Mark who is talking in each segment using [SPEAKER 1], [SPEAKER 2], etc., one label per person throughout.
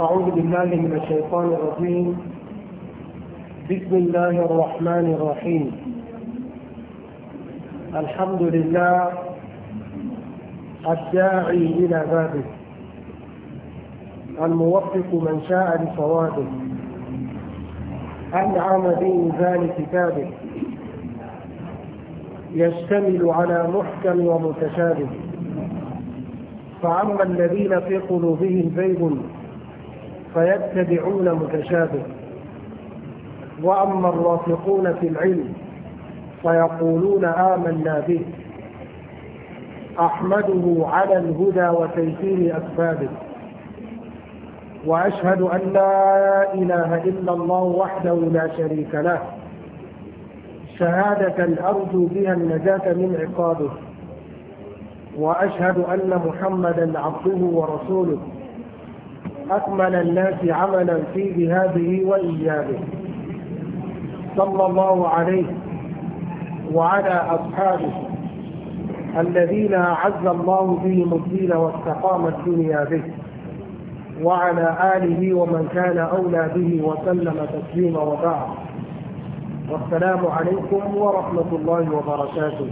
[SPEAKER 1] أعوذ بالله من الشيطان الرجيم بسم الله الرحمن الرحيم الحمد لله الداعي إلى بابه الموفق من شاء لصوابه أنعم بإنزال كتابه يشتمل على محكم ومتشابه فأما الذين في قلوبهم زيغ فيتبعون متشابه وأما الرافقون في العلم فيقولون آمنا به أحمده على الهدى وتيسير أسبابه وأشهد أن لا إله إلا الله وحده لا شريك له شهادة أرجو بها النجاة من عقابه وأشهد أن محمدا عبده ورسوله أكمل الناس عملا في ذهابه وإيابه صلى الله عليه وعلى أصحابه الذين أعز الله بهم الدين واستقامت الدنيا به وعلى آله ومن كان أولى به وسلم تسليما وبعد والسلام عليكم ورحمة الله وبركاته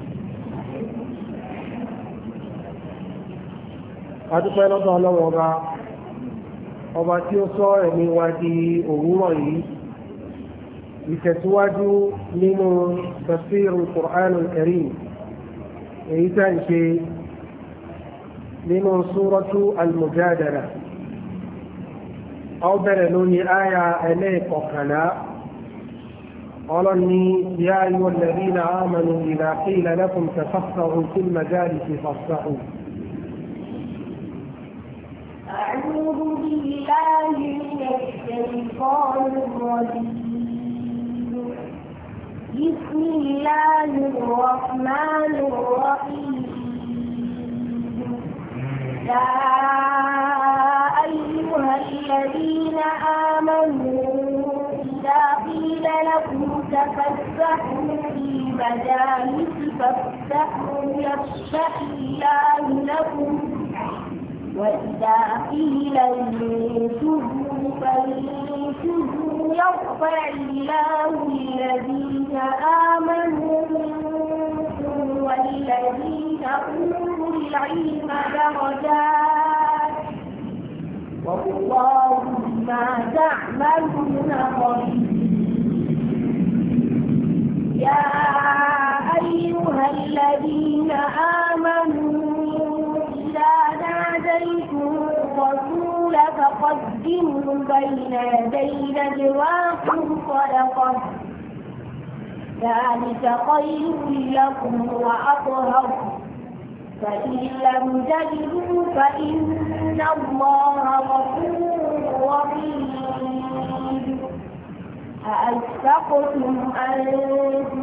[SPEAKER 1] adúpẹ́ lọ́dọ̀ ọlọ́wọ́ ọba ọba tí ó sọ ẹ̀mí wa di òwúrọ̀ yìí ìtẹ̀síwájú nínú tafsirul Qur'anul Karim èyí tá ṣe nínú súrọ́tú al-Mujadala ó bẹ̀rẹ̀ lónìí àyà ẹlẹ́ẹ̀kọ̀kànlá قال اني يا ايها الذين امنوا اذا قيل لكم تفقهوا في المجالس فافقهوا
[SPEAKER 2] أعوذ بالله من الشيطان الرجيم بسم الله الرحمن الرحيم
[SPEAKER 3] يا أيها
[SPEAKER 2] الذين آمنوا وإذا قيل لكم تفسحوا في مجالس فافسحوا يفسح الله لكم وإذا قيل انشزوا فانشزوا يرفع الله الذين آمنوا منكم والذين أوتوا العلم درجات والله ما تعملون خبير يا أيها الذين آمنوا إذا ناديتم الرسول فقدموا بين يدي نجواكم صدقة ذلك خير لكم وأطهر فإن لم تجدوا فإن الله غفور رحيم أأشفقتم أن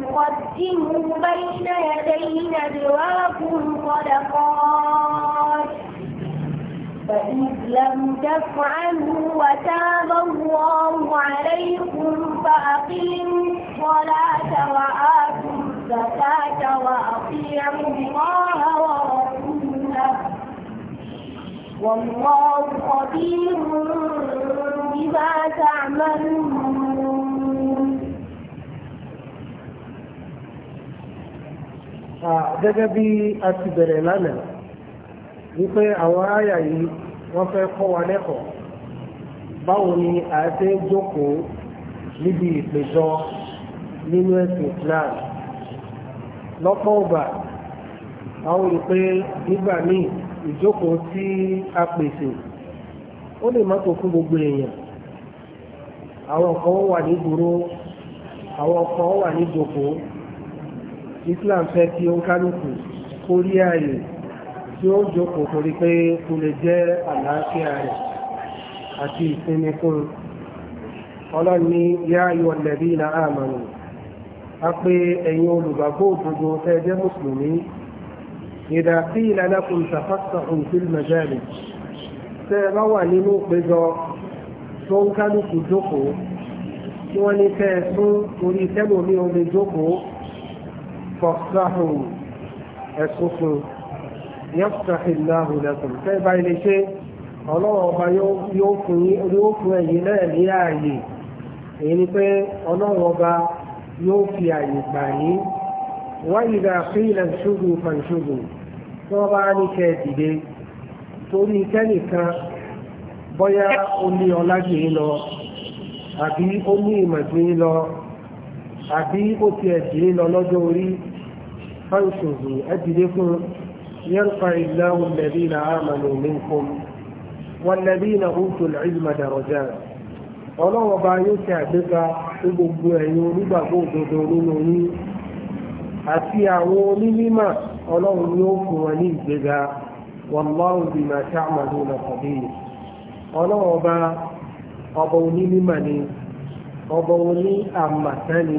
[SPEAKER 2] تقدموا بين يدي نجواكم صدقات فإذ لم تفعلوا وتاب الله عليكم فأقيموا الصلاة وآتوا الزكاة وأطيعوا الله ورسوله والله خبير بما تعملون
[SPEAKER 1] gẹ́gẹ́ bí a ti bẹ̀rẹ̀ lánàá wípé àwọn àyà yìí wọ́n fẹ́ kọ́ wa lẹ́kọ̀ọ́ báwo ni a ṣe ń jókòó níbi ìpèjọ nínú ẹ̀sìn Islam lọ́pọ̀ ọgbà àwọn olùpẹ́ nígbà míì ìjókòó tí a pèsè ó lè má tó fún gbogbo èèyàn àwọn kan wà ní dúró àwọn kan wà ní jókòó Islam fẹ́ kí ó ń kálukú kó rí ààyè tí ó jókòó torí pé kò lè jẹ́ àlàáfíà rẹ̀ àti ìsinmi fún un ọlọ́ni yá ayọ̀ lẹ́bí ìlà àmàlù a pé ẹ̀yin olùgbàgbọ́ òdodo tẹ́ jẹ́ mùsùlùmí ìdá sí ìlànàkùn ṣàfàṣà òǹfil mẹ́jẹ́rin tẹ́ ẹ bá wà nínú ìpéjọ tó ń kálukú jókòó tí wọ́n ní tẹ́ ẹ fún orí tẹ́lómi omi jókòó fọ́sáhùn ẹ̀sùn fún un yẹ́fùtàhìláhù lẹ́kùn tẹ́ bá ilé ṣe ọlọ́run ọba yóò fún ẹ̀yìn náà ní ààyè èyí ni pé ọlọ́run ọba yóò fi àyè gbà yín wá ìdá fílẹ̀ ṣubú fanṣubú tó bá ní kẹ́ dìde torí kẹ́nìkan bóyá ó ní ọlájì lọ àbí ó ní ìmọ̀jú lọ àbí ó ti ẹ̀dì lọ lọ́jọ́ orí fanṣubú ẹ̀dìdé fún يرفع الله الذين آمنوا منكم والذين أوتوا العلم درجات ọlọ́run ọba yóò ṣe àgbéga fún gbogbo ẹ̀yin onígbàgbọ́ òdodo nínú yín àti àwọn onímọ̀ ọlọ́run yóò fún wọn ní ìgbéga wallahu bima ta'maluna khabir ọlọ́run ọba ọba onímọ̀ ni ọba oní àmàtà ni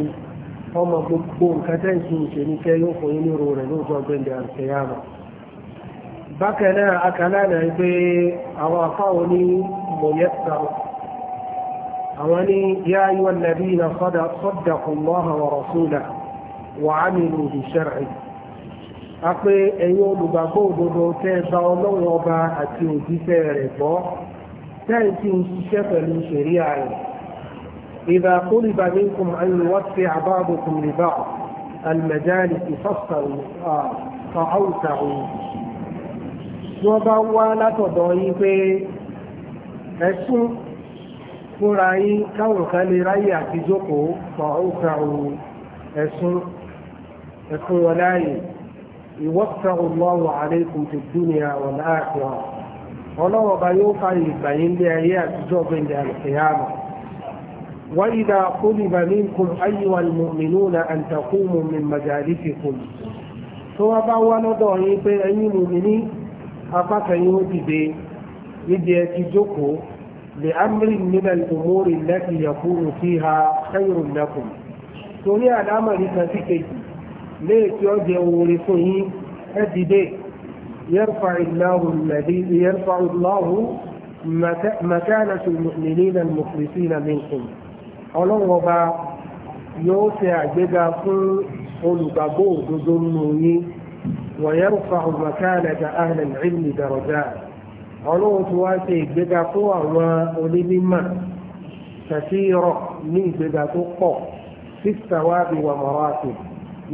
[SPEAKER 1] ọmọ gbogbo nǹkan tẹ́ ń ṣe ìṣèlú kẹ́ yóò fún yín ní rẹ̀ gbẹ̀ndẹ̀ àrùkẹ́yàmọ̀ bákan náà pé àwọn ní àwọn ní yá ayúwà nàbí na sọ́dàkùnmọ́ha wà rọ̀súlà wà á nílò ìṣẹ́rẹ̀ a pé ẹ̀yin olùgbàgbọ́ òdodo tẹ́ bá ọlọ́run ọba àti òjíṣẹ́ rẹ̀ gbọ́ tẹ́yìn tí ń ṣiṣẹ́ pẹ̀lú ṣẹ̀ríà rẹ̀ إذا طلب منكم أن يوسع بعضكم لبعض المجالس فاصفروا فأوسعوا tí wọ́n bá wá látọ̀dọ̀ yín pé ẹ̀sùn fúnra yín káwọn kan lè ráyè àti jókòó pa òkà òun ẹ̀sùn ẹ̀fún wọn láàyè ìwọ́pẹ̀ ọlọ́wọ̀ àlékún ti dúnìá ọ̀nà àkùrọ̀ ọlọ́wọ̀ bá yóò fàyè ìgbà yín lé ayé àtijọ́ gbẹ̀ndẹ̀ àlùkìyàmọ̀ وإذا طلب منكم أيها المؤمنون أن تقوموا من مجالسكم tó bá wá lọ́dọ̀ yín pé ẹ̀yin mùmínì apákan yóò dìde níbi ẹ ti jókòó لأمر من الأمور التي يكون فيها خير لكم torí àdámà ní kàtíkèjì lè tí ó jẹ orí fún yí ẹ́dìdé yẹ́rfà ìláhù mẹ́kànà tí mùsùlùmí na mùsùlùmí na mìíràn ọlọ́wọ́ba yóò ṣe àgbéga fún olùgbàgbọ́ òdodo nù yí wọ̀nyẹ́rfà mẹ́kànà tí ahìlẹ̀ ìlú dàrọ̀dáà ọlọ́run ti wá ṣe ìgbéga fún àwọn onímọ̀ kàtí rọ̀ ní ìgbéga tó pọ̀ sísà wá bí wà mọ̀rọ̀ àti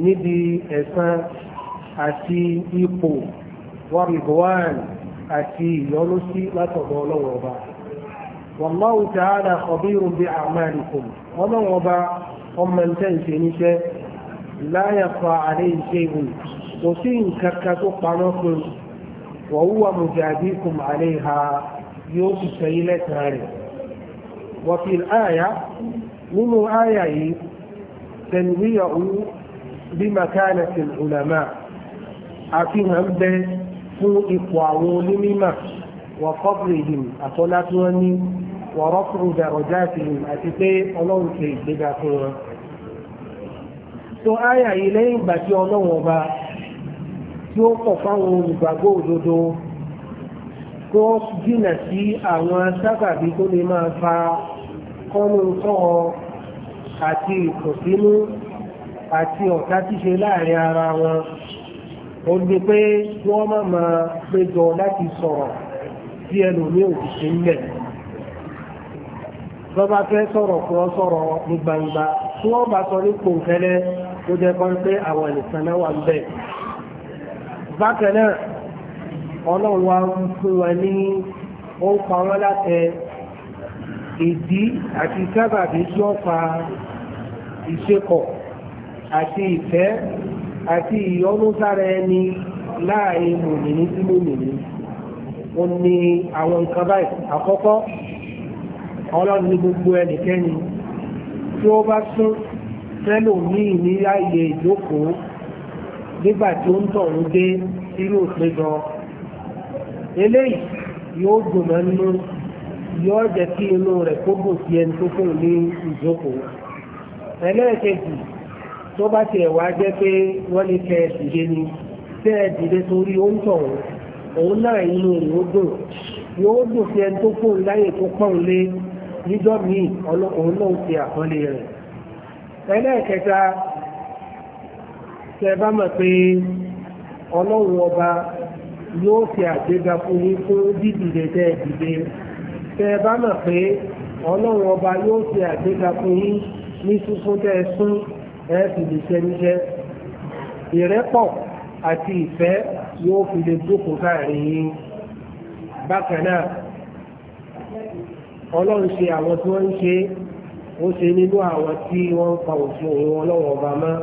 [SPEAKER 1] níbi ẹ̀san àti ipò wàrìbọ̀wàn àti ìyọlọ́sí látọ̀dọ̀ ọlọ́run ọba wàláwù tààdà ọ̀bírùn bí àmàlìkùn ọlọ́run ọba ọmọ nǹkan ìṣe níṣẹ́ láyà fa àlẹ́ ìṣe ìwé kò sí nǹkan kan tó pamọ́ fún un وهو مجاديكم عليها يوسف سيلة تاري وفي الآية من آية تنويع بمكانة العلماء أفهم به فوق إقوى لمما وفضلهم أطلتوني ورفع درجاتهم أتتي ألون في بداخلها. So آية إليه باتي ألون وبا tí ó pọ̀ fáwọn olùgbàgbọ́ òdodo kó jìnà sí àwọn sábàbí tó lè máa fa kọ́nù kọ́ọ àti ìkùnsínú àti ọ̀tá ṣíṣe láàrin ara wọn ó ní pé wọ́n má máa péjọ láti sọ̀rọ̀ tí ẹlòmíì ò sì ń lẹ̀ lọ́ba fẹ́ sọ̀rọ̀ kí wọ́n sọ̀rọ̀ ní gbangba tí wọ́n bá sọ ní pòǹkẹ́lẹ́ ó jẹ́ kọ́ pé àwọn ẹ̀nìkan náà wà ń bẹ̀ bákan náà ọlọ́run wa ń fún wa ní ó ń pa wọ́n látẹ ìdí àti sábàbí tí ó fa ìṣekọ̀ àti ìfẹ́ àti ìyọ́nú sára ẹni láàrin mòmìnì sí mòmìnì ó ní àwọn nǹkan báyìí àkọ́kọ́ ọlọ́run ní gbogbo ẹnikẹ́ni tí ó bá sún tẹ́lòmíì ní ààyè ìjókòó nígbà tí ó ń tọ̀ ń dé irú òpéjọ eléyìí yóò dùnmọ́ nínú yóò jẹ́ kí inú rẹ̀ kó gùn sí ẹni tó fún ní ìjókòó ẹlẹ́ẹ̀kejì tó bá tiẹ̀ wá jẹ́ pé wọ́n lè fẹ́ dìde ni fẹ́ dìde torí ó ń tọ̀ òun náà inú rẹ̀ ó dùn yóò dùn sí ẹni tó fún láyè tó pọ̀n lé níjọ́ míì òun náà ti àkọlé rẹ̀ ẹlẹ́ẹ̀kẹta tẹ́ bá mọ̀ pé ọlọ́run ọba yóò fi àgbéga fún yín fún dídìde tẹ́ dìde tẹ́ bá mọ̀ pé ọlọ́run ọba yóò fi àgbéga fún yín ní sísún tẹ́ sún ẹ sì lè ṣe níṣẹ́ ìrẹ́pọ̀ àti ìfẹ́ yóò fi lè jókòó káàrin yín bákan náà ọlọ́run ṣe àwọn tí wọ́n ń ṣe ó ṣe nínú àwọn tí wọ́n ń pa òfin ọlọ́run ọba mọ́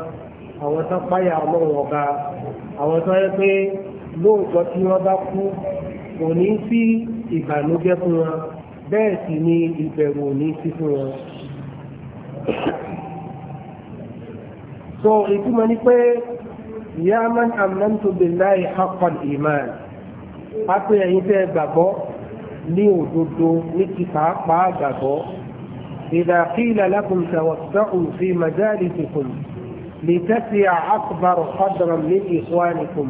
[SPEAKER 1] àwọn tó páyà ọlọ́run ọba àwọn tó yẹ pé lóòótọ́ tí wọ́n bá kú kò ní sí ìbànújẹ́ fún wọn bẹ́ẹ̀ sì ni ìbẹ̀rù ò ní sí fún wọn. so ìtumọ̀ ni pé ya man amantu billahi iman a ẹ̀yin tẹ́ gbàgbọ́ ní òdodo ní ti pàápàá gbàgbọ́ ìdàkílà lakum tawassa'u fi majalisikum لتسع أكبر قدرا من إخوانكم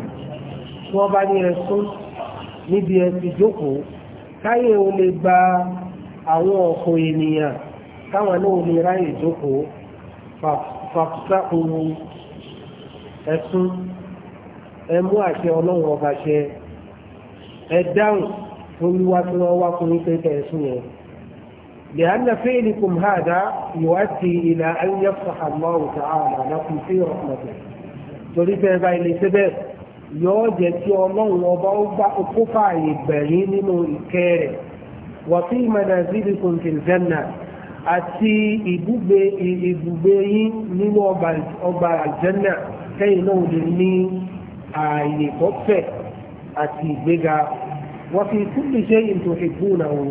[SPEAKER 1] وبني رسول níbi ẹ̀sì jókòó káyè ò lè gba àwọn ọ̀kọ̀ ènìyàn káwọn náà lè ráyè jókòó fàfúsáhùn ẹ̀sùn ẹmú àṣẹ ọlọ́run ọba ṣẹ ẹ̀dáhùn tó wíwá tí wọ́n wá fún ní pẹ́ẹ́tẹ̀ ẹ̀sùn yẹn لأن فعلكم هذا يؤدي إلى أن يفتح الله تعالى لكم في رحمته torípé ẹgbà ilé síbẹ̀ yóò jẹ́ kí ọlọ́run ọba ó gbá okó fààyè gbẹ̀yìn nínú ìkẹ́ rẹ̀ wàfí ìmọ̀nàzílì kùnkìlzẹ́nà àti ibùgbé ibùgbé yín nínú ọgbà àjẹ́nà kẹ́yìn náà lè ní ààyè tó fẹ̀ àti ìgbéga wàfí kúlù ṣe ìtòkè gbóná òun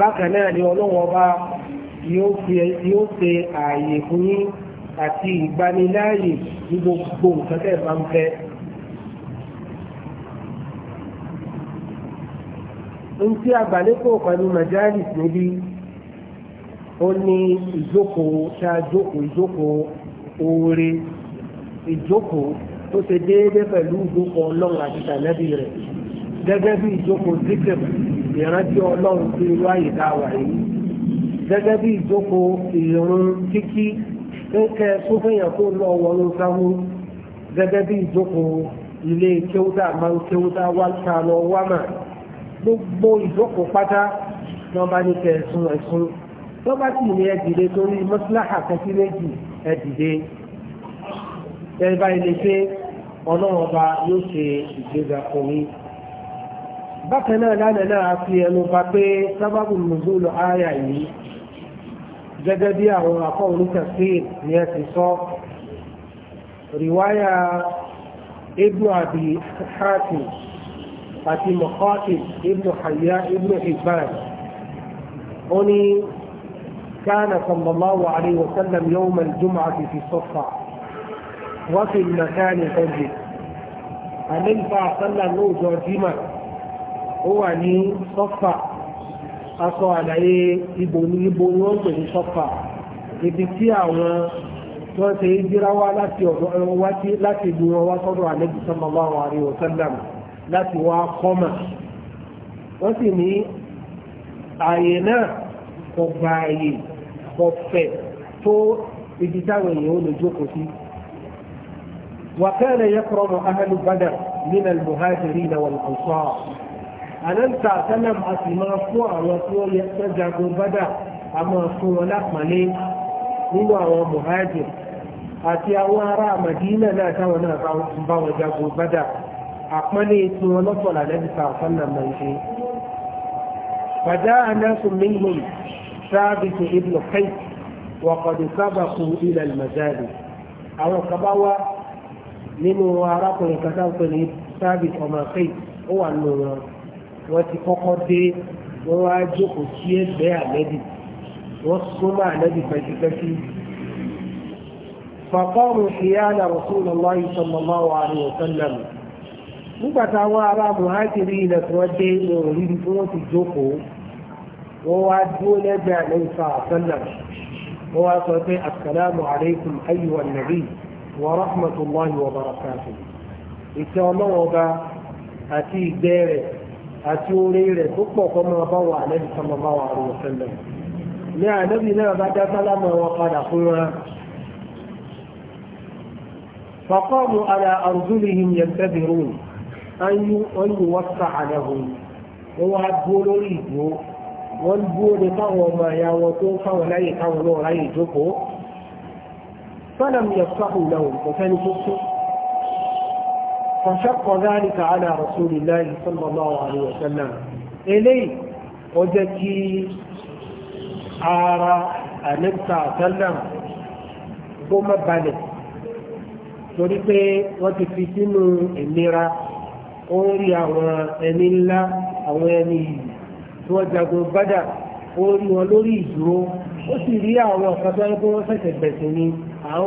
[SPEAKER 1] bákan náà ni ọlọ́wọ́n ọba yóò ṣe ààyè fún yín àti ìgbaniláàyè ní gbogbo nǹkan tẹ́ bá ń fẹ́. ń tí àgbàlẹ́kọ̀ọ́ pẹ̀lú majalis níbí ó ní ìjókòó ṣá jókòó ìjókòó oore ìjókòó tó ṣe déédé pẹ̀lú ìjókòó ọlọ́run àti tànẹ́bí rẹ̀ gẹ́gẹ́ bí ìjókòó zikr ìrántí ọlọ́run tí irú àyè tá a wà yìí gẹ́gẹ́ bí ìjókòó ìrún kíkí ń kẹ sófẹ́yàn kó lọ wọnú sáwó gẹ́gẹ́ bí ìjókòó ilé kéwúdà máa ń kéwúdà wá ta lọ wá mà gbogbo ìjókòó pátá lọ́ bá ní kẹ ẹ̀sùn ẹ̀sùn lọ́ bá sì ní ẹ̀dìdẹ torí mọ́síláhà kẹsí méjì ẹ̀dìdẹ ẹ̀bá ilé ṣe ọlọ́run ọba yóò ṣe ìgbéga fún yín. bákan náà lánàá náà fi ẹnu pa pé sábàbù nùzúlù àyà yìí gẹ́gẹ́ bí àwọn akọ́ onítẹ̀síìn ni ẹ ti sọ rìwáyà ibnu àbí hatim àti mọ̀kọ́tìm ibnu hayya ibnu hibban ó ní كان صلى الله عليه وسلم يوم الجمعة في الصفة وفي المكان الحج النبي صلى الله عليه وسلم ó wà ní sọ́fà aṣọ àlàyé ibo ní ibo ni wọ́n pè ní sọ́fà ibi tí àwọn tí wọ́n ṣe ń jíra wá láti ọ̀dọ̀ wá sí láti ìlú wọn wá sọ́dọ̀ àlejò sallallahu alaihi wasallam láti wá kọ́mà wọ́n sì ní ààyè náà kò gba ààyè kò fẹ̀ tó ibi táwọn èèyàn ó lè jókòó sí. وكان يكرم أهل بدر من المهاجرين والأنصار àlẹ́ǹtà sẹ́lẹ̀m a sì máa fún àwọn tí ó yẹ fẹ́ jagun bádà a máa fún wọn lápàlé nínú àwọn muhajir àti àwọn ará àmàdínà náà táwọn náà bá wọn jagun bádà àpọ́nlé tí wọn lọ́pọ̀ làlẹ́ǹtà sẹ́lẹ̀m máa ń ṣe. فجاء ناس منهم ثابت ابن قيس وقد سبقوا إلى المجالس àwọn kan bá nínú arákùnrin kan ní sábìs ọmọ kéèkì ó wà nínú wọn wọ́n ti kọ́kọ́ dé wọ́n wá jókòó sí ẹgbẹ́ àlẹ́bì wọ́n súnmọ́ àlẹ́bì pẹ́kípẹ́kí. fàkọ́rù ìyáàlà Rasulullahi sallallahu alaihi wasallam nígbà táwọn ará muhajiri ilẹ̀ tí wọ́n dé lórí rí tí wọ́n ti jókòó wọ́n wá dúró lẹ́gbẹ̀ẹ́ àlẹ́bì sallam wọ́n wá sọ pé assalamu alaikum ayyuhan nabi wa rahmatullahi wa barakatuh ìtẹ́ ọlọ́wọ́ ọba àti ìgbẹ́ rẹ̀ àti oore rẹ̀ tó pọ̀ kọ́ máa bá wà lẹ́bi sọ́mọ bá wà rò sẹ́lẹ̀. ní ànábì náà bá dá sálámà wọn padà fún wa. فقاموا على أرجلهم ينتظرون أن يوسع لهم wọ́n wá dúró lórí ìdúró wọ́n ń dúró de ọmọ ẹ̀yà wọn tó ń láyè káwọn náà ráyè jókòó. sọ́dọ̀ mi yẹ fáwọn ìlànà kò fẹ́ni tó tún فشق ذلك على رسول الله صلى الله عليه وسلم إليه وجكي آراء النبي سلم بما بالك وسلم قم بلد torí pé wọ́n ti fi sínú ìlera ó ń rí àwọn ẹni ńlá àwọn ẹni yìí tí wọ́n jagun bádà ó rí wọn lórí ìdúró ó sì rí àwọn ọ̀kan tó ń pé wọ́n ṣẹ̀ṣẹ̀ gbẹ̀sìn ni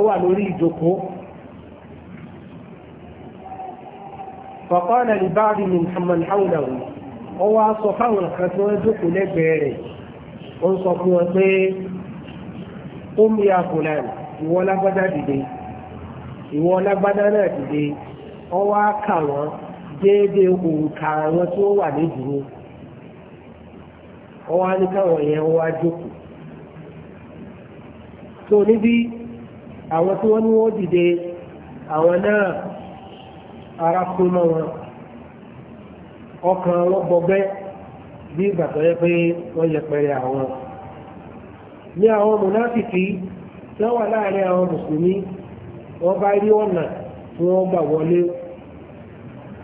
[SPEAKER 1] wà lórí ìjókòó فقال لبعض من من حوله هو صفه الخطوة كل بيري انصفوا قم يا فلان ولا بدا دي ولا بدا دي هو كان déédéé òǹkà tí ó wà ní dúró ọwá ní káwọn èèyàn ara pé mọ́ wọn ọkàn wọn gbọgbẹ́ bí ìgbà tó yẹ pé wọ́n yẹpẹrẹ àwọn ní àwọn mùnáfìkì tí wọ́n wà láàrin àwọn mùsùlùmí wọ́n bá rí ọ̀nà tí wọ́n gbà wọlé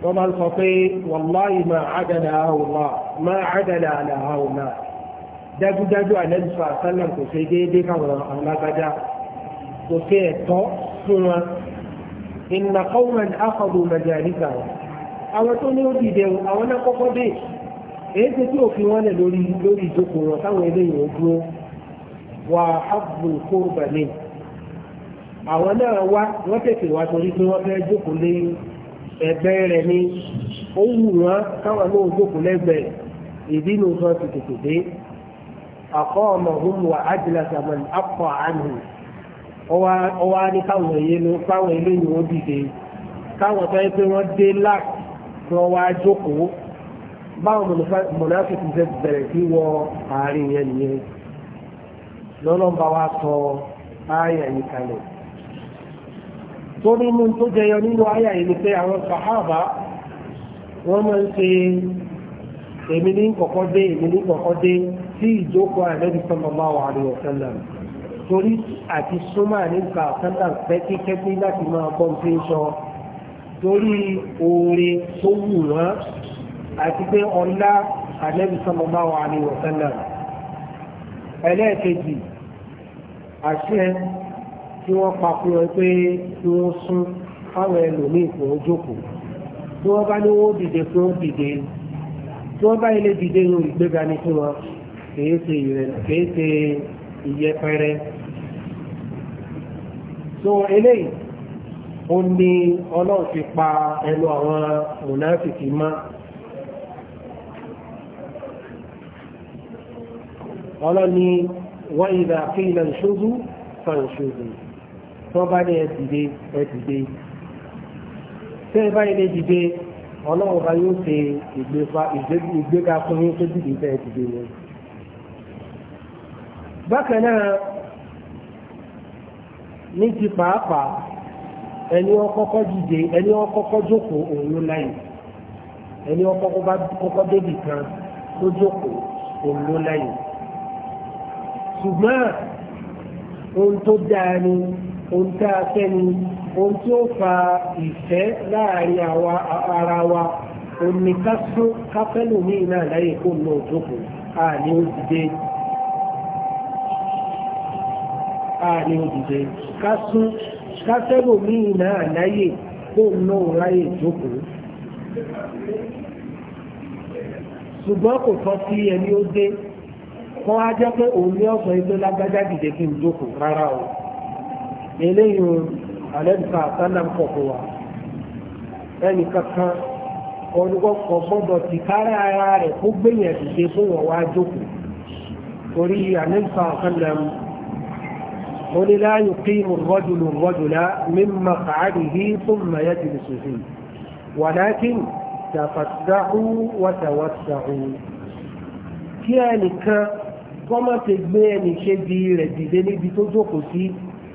[SPEAKER 1] wọ́n máa ń sọ pé wàláì máa àdàdà àwòlá máa àdàdà àlà àwòlá dájúdájú àlẹ́bùsọ àsálàm kò ṣe déédéé káwọn alágbádá kò ṣe ẹ̀tọ́ fún wọn ìnà kọ́wọ́n akọ̀dù mẹjàlíkà wọn àwọn tó ní ó dìde dị náà kọ́kọ́ dé èyí fi wọ́n lẹ̀ lórí lórí ìjókòó wọn táwọn eléyìí ó dúró wà ábùn kóòbà ní àwọn náà wá wọ́n tètè wa ó káwọn náà jókòó ni sọ ti tètè dé àkọ́ ọmọ òun àánú ọwá ní káwọn èyí fáwọn eléyìí wọ́n dìde káwọn tó yẹ pé wọ́n dé láàk tí wọ́n wá jókòó báwọn mọ̀nàfíìsì ṣe bẹ̀rẹ̀ sí wọ àárín yẹn nìyẹn lọ́lọ́mbà wa sọ ayà yìí kalẹ̀ tó nínú tó jẹyọ nínú ayà yìí ni pé àwọn sàhábà wọ́n máa ń ṣe èmi ní kọ̀kọ́ dé èmi ní kọ̀kọ́ dé sí ìjókòó àìlẹ́bí sọ́mọ́ máa wà ní ọ̀sẹ̀ náà torí àti súnmọ́ nípa àkàndà pẹ́kíkẹ́kí láti máa kọ́ńpé sọ torí oore tó wù wọ́n àti pé ọlá ànábì sallallahu alaihi wa sallam ẹlẹ́ẹ̀kejì àṣẹ tí wọ́n papọ̀ ẹ pé kí wọ́n sún fáwọn ẹlòmíì kò ó jókòó tí wọ́n bá ní wọ́n dìde kí dìde tí wọ́n bá ilé dìde yóò ìgbéga ní fún wọn kèé ṣe ìyẹpẹrẹ so eléyìí ó ní ọlọ́run ti pa ẹnu àwọn mùnáfìkì mọ́ ọlọ́run ni wọ́n ìdá kí ilẹ̀ ìṣojú fàǹṣojú tó bá ní ẹ̀dìdé ẹ̀dìdé tẹ́ bá ilé dìde ọlọ́run bá yóò ṣe ìgbéga fún yín tó dìde bẹ́ẹ̀ dìde bákan náà ní ti pàápàá ẹni ọkọ́kọ́ dìde ẹni ọkọ́kọ́ jókòó òun ló láyè ẹni ọkọ́kọ́ bá kọ́kọ́ débì kan tó jókòó òun ló láyè ṣùgbọ́n ohun tó dáa ni ohun tá a fẹ́ ni ohun tí ó fa ìfẹ́ láàrin ara wa òun ni ká sún káfẹ́lòmíì náà láyè kó lọ jókòó àní ó dìde. ààrẹ òdìdẹ ká sún ká sẹ́lò míì náà láyè kó náà ráyè jókòó ṣùgbọ́n kò tọ́ sí ẹni ó dé kọ́ á jẹ́ pé òun ní ọ̀sán ilé lágbájá dìde kí n jókòó rárá o eléyìí o àlẹ́bùkà sálàm kọ̀kọ̀ wa ẹnì kankan olùkọ́kọ́ gbọ́dọ̀ ti kárí ara rẹ̀ kó gbẹ̀yìn ẹ̀dùn ṣe fún wọn wá jókòó torí àlẹ́bùkà sálàm kọ̀kọ̀ ó ní la yuqimu ar-rajulu ar-rajula min maq'adihi thumma yajlisu fihi walakin tafassahu wa tawassahu kí ẹnìkan kọ́mọ̀ ti gbé ẹnì kejì rẹ̀ dìde níbi tó jókòó sí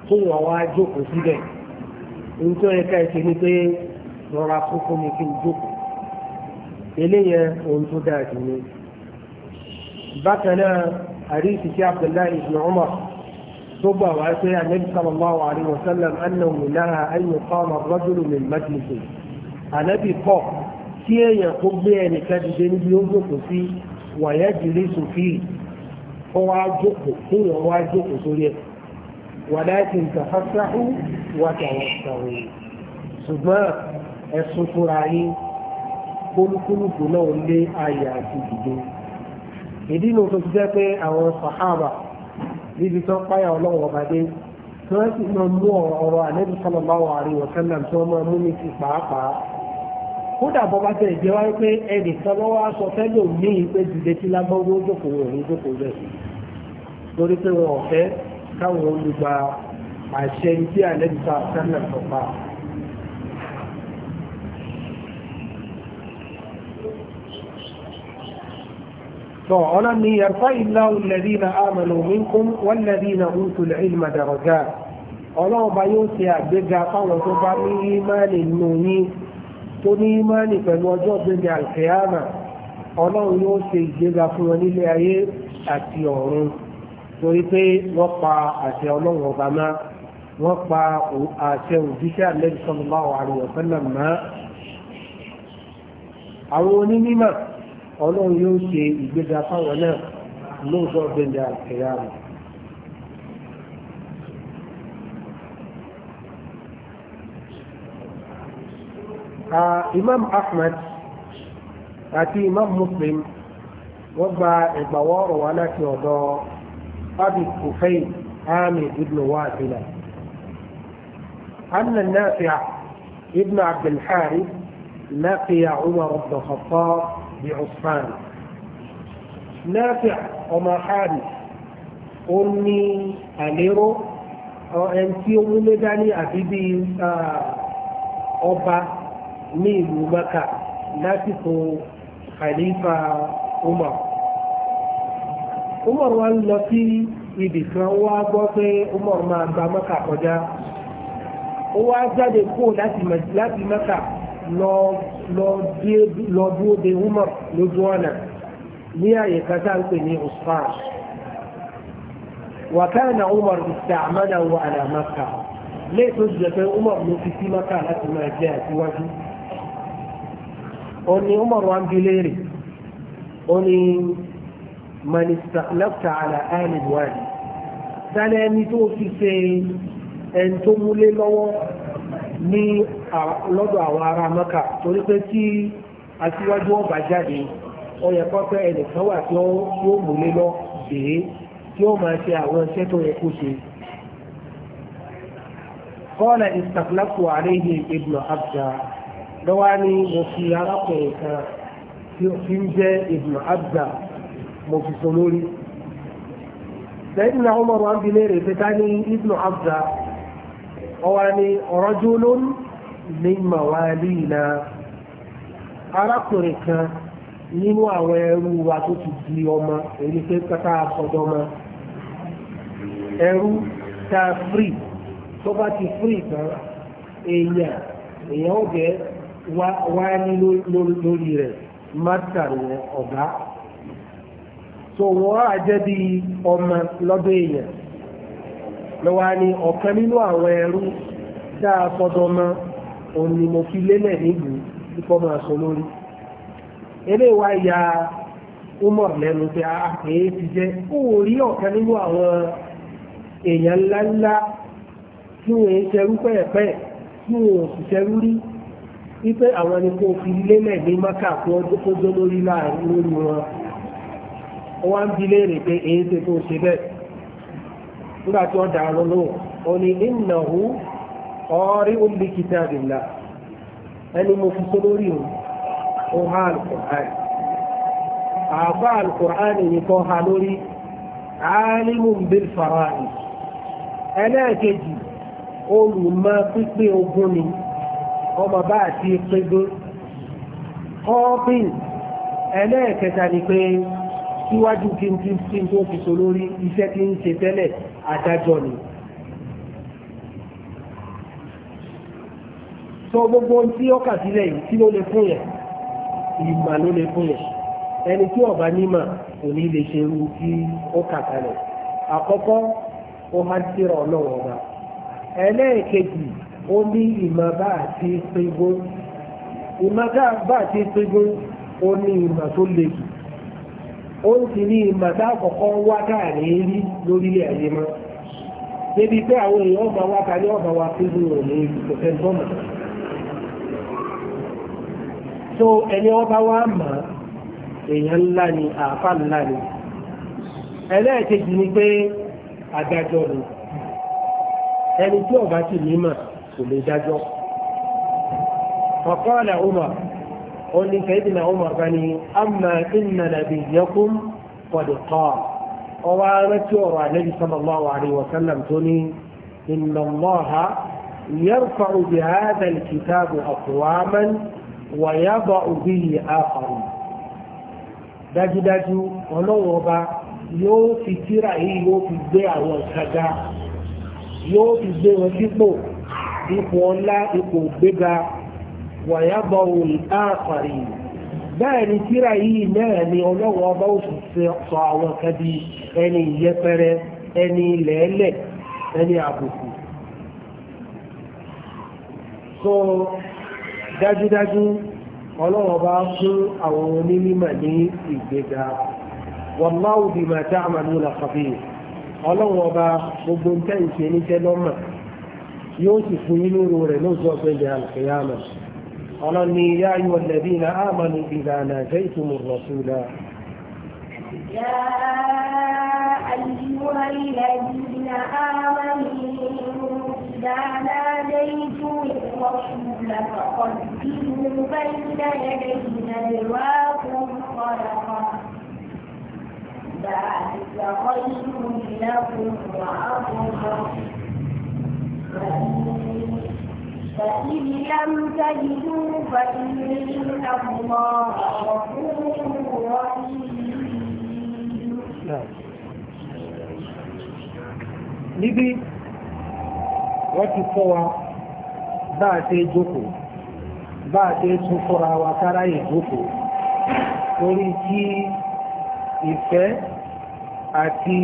[SPEAKER 1] tó wọ́n wá jókòó síbẹ̀ nítorí ẹ̀ka ìṣe ni pé rọra kókó ni kí n jókòó eléyẹn ohun tó dáa jù ní. bákan náà àríṣiṣẹ́ Abdullahi ibn Umar ثم وأتي النبي صلى الله عليه وسلم أنه نهى أن يقام الرجل من مجلسه النبي قال كي يقوم يعني كذبين يوجد فيه ويجلس فيه هو جوكو هو جوكو سوريا ولكن تفسحوا وتوسعوا ثم السفراء كل náà lé ayé àti ìdìbò ìdí ni ó tó ti jẹ́ pé àwọn sàhábà níbi tó páyà ọlọ́wọ́ ọba dé tí wọ́n sì máa mú ọ̀rọ̀ ànábì sallallahu alaihi wasallam tí wọ́n máa mú ní ti pàápàá kódà bọ́ bá tẹ̀ jẹ́ wáyé pé ẹnìkan lọ́wọ́ aṣọ fẹ́lẹ̀ mí pé dìde tí lágbọ́gbọ́ jókòó rẹ̀ ní jókòó rẹ̀ lórí pé wọn ọ̀fẹ́ káwọn olùgbà àṣẹ ibi ànábì sallallahu alaihi wasallam ọ̀nà ni yàrfà ìlàwò lẹ́dínà àmàlò minkum wọ́n lẹ́dínà utul ilma dàrọ̀gá ọlọ́ọ̀bá yóò ṣe àgbéga fáwọn tó bá ní ìmáàlì nù yín tó ní ìmáàlì pẹ̀lú ọjọ́ gbẹ̀dẹ̀ àlùkẹ́yàmà ọlọ́run yóò ṣe ìgbéga fún wọn nílé ayé àti ọ̀run torí pé wọ́n pa àṣẹ ọlọ́run ọba má wọ́n pa àṣẹ òjíṣẹ́ àlẹ́bí sallallahu alaihi wasallam má àwọn onímọ̀ ọlọ́run yóò ṣe ìgbéga fáwọn náà lóòótọ́ gbẹ̀ndẹ̀ àkẹyà rẹ̀. imam ahmad àti imam muslim wọ́n gba ìgbàwọ́ ọ̀rọ̀ wa láti ọ̀dọ̀ abi kufay amir ibn wa'ila anna nafi'a ibn abdul harith laqiya umar ibn khattab بعثمان نافع وما حارث أمي أليرو ẹnití owó lé dání àbí bí ọba ní ìlú maka lásìkò khalifa umar umar wa ń lọ sí ibì kan wá gbọ́ pé umar máa gba maka kọjá ó wá jáde kó láti maka lọ dúró de Umar lójú ọ̀nà ní àyè kan tá à ń pè ní Usman وكان عمر استعمله على مكة ليه تجد عمر نفسي مكة لكن ما جاء في وجه أني عمر عن بليري أني من استخلفت على آل الوالي سلامي توفي سين أنتم للوالي ní lọ́dọ̀ àwọn ará mọ́kà torí pé tí aṣíwájú ọba jáde ó yẹ kó pé ẹnìkan wà tí ó múlé lọ bèé tí ó máa ṣe àwọn iṣẹ́ tó yẹ kó ṣe. kọ́ọ̀lá ìsàkúlákù àríyìn ibùdó abdá lọ́wọ́ ni mo fi arákùnrin kan tí ó fi ń jẹ́ ibùdó abdá mo fi so lórí. lẹ́yìn náà ó mọ̀rọ̀ á ń bi léèrè pé ká ní ibùdó abdá ọwani ní ni min mawalina arákùnrin kan nínú àwọn ẹrú wa tó ti di ọmọ èyí pé kátà àkọ́dọ́mọ ẹrú tá a firi tó bá ti firi kan èèyàn èèyàn ó wá ní lórí rẹ̀ mátà rẹ̀ ọ̀gá so wọ́n á jẹ́ bí ọmọ lọ́dọ̀ lọ́wọ́ ni ọ̀kan nínú àwọn ẹrú tá a fọdọ̀ ni mo fi lélẹ̀ nílùú tí kò máa sọ lórí eléyìí wá ya Umar lẹ́nu pé a ah, pè ah, é ti jẹ́ ó rí ọ̀kan nínú àwọn èèyàn ńláńlá tí wọ́n ń ṣerú pẹ́ẹ̀pẹ́ tí wọ́n ò sì ṣerú rí wípé àwọn ni kò fi lélẹ̀ ní maka fún ọdún lórí láàrin lórí wọn wọ́n á ń bi léèrè pé èyí ṣe tó ṣe bẹ́ẹ̀. nígbà tí wọ́n dàrú n'i ó ìnáwó ọ̀rí olè kìtàbílà ẹni mo fi lórí o ha àbá alukur'an ni kò ha lórí alimu bil ẹlẹ́ẹ̀kejì pípé ogun ni ọmọ bá àti pégbé ọ́pìn ẹlẹ́ẹ̀kẹta ni pé síwájú kí n tó fi lórí iṣẹ́ tí adájọ́ ni. sọ gbogbo ohun tí ọkà sílẹ̀ yìí tí ló lè fún yẹn ìmà ló lè fún yẹn ẹni tí ọba nímà kò ní lè ṣe irú tí ó kà kalẹ̀ àkọ́kọ́ ó há síra ọlọ́wọ́ ọba ẹlẹ́ẹ̀kejì ó ní ìmọ̀ bá àti pégún ìmọ̀ bá àti pégún ó ní ìmọ̀ tó le jù ó ń sì ní ìmọ̀tá àkọ́kọ́ wá káàní rí lórílẹ̀ ayé mọ́ débi pé àwọn èèyàn ọba wa ta ní wa fi ní òní so ẹni ọba wa mọ̀ èèyàn ńlá ni àáfà ńlá ni ẹlẹ́ẹ̀kejì ni pé adájọ́ ni ẹni tí ọba sì ní kò lè dájọ́ ọ̀kọ́ قل سيدنا عمر بني أما إن نبيكم قد قال وعلى تورى النبي صلى الله عليه وسلم تني إن الله يرفع بهذا الكتاب أقواما ويضع به آخرين dájúdájú ọlọ́wọ́ ọba yóò fi tíra yìí yóò fi gbé àwọn ìkàgá yóò fi gbé wọn dípò ipò ọlá ipò ويضع الآخرين bẹ́ẹ̀ni tíra yìí náà ni ọlọ́wọ́ ọba ó sì sọ àwọn kan di ẹni ìyẹpẹrẹ ẹni lẹ́ẹ̀lẹ̀ ẹni àbùkù so dájúdájú ọlọ́wọ́ ọba fún àwọn onímọ̀ ní ìgbéga wallahu bima ta'maluna khabir ọlọ́wọ́ ọba gbogbo ń tẹ́ ìṣe níṣẹ́ lọ́mọ̀ yóò sì fún yín rẹ̀ lóòótọ́ pé ìdí قال yá يا ايها الذين امنوا اذا ناجيتم الرسول يا
[SPEAKER 2] أيها الذين آمنوا إذا ناديتم الرسول فقدموا بين يدي نجواكم صدقة ذلك خير لكم وأطهر فإن لم تجدوا فإن الله غفور رحيم
[SPEAKER 1] níbí wọ́n ti fọ́ wa bá a ṣe jókòó bá a ṣe tún fọ́ra wa kára ìjókòó torí kí ìfẹ́ àti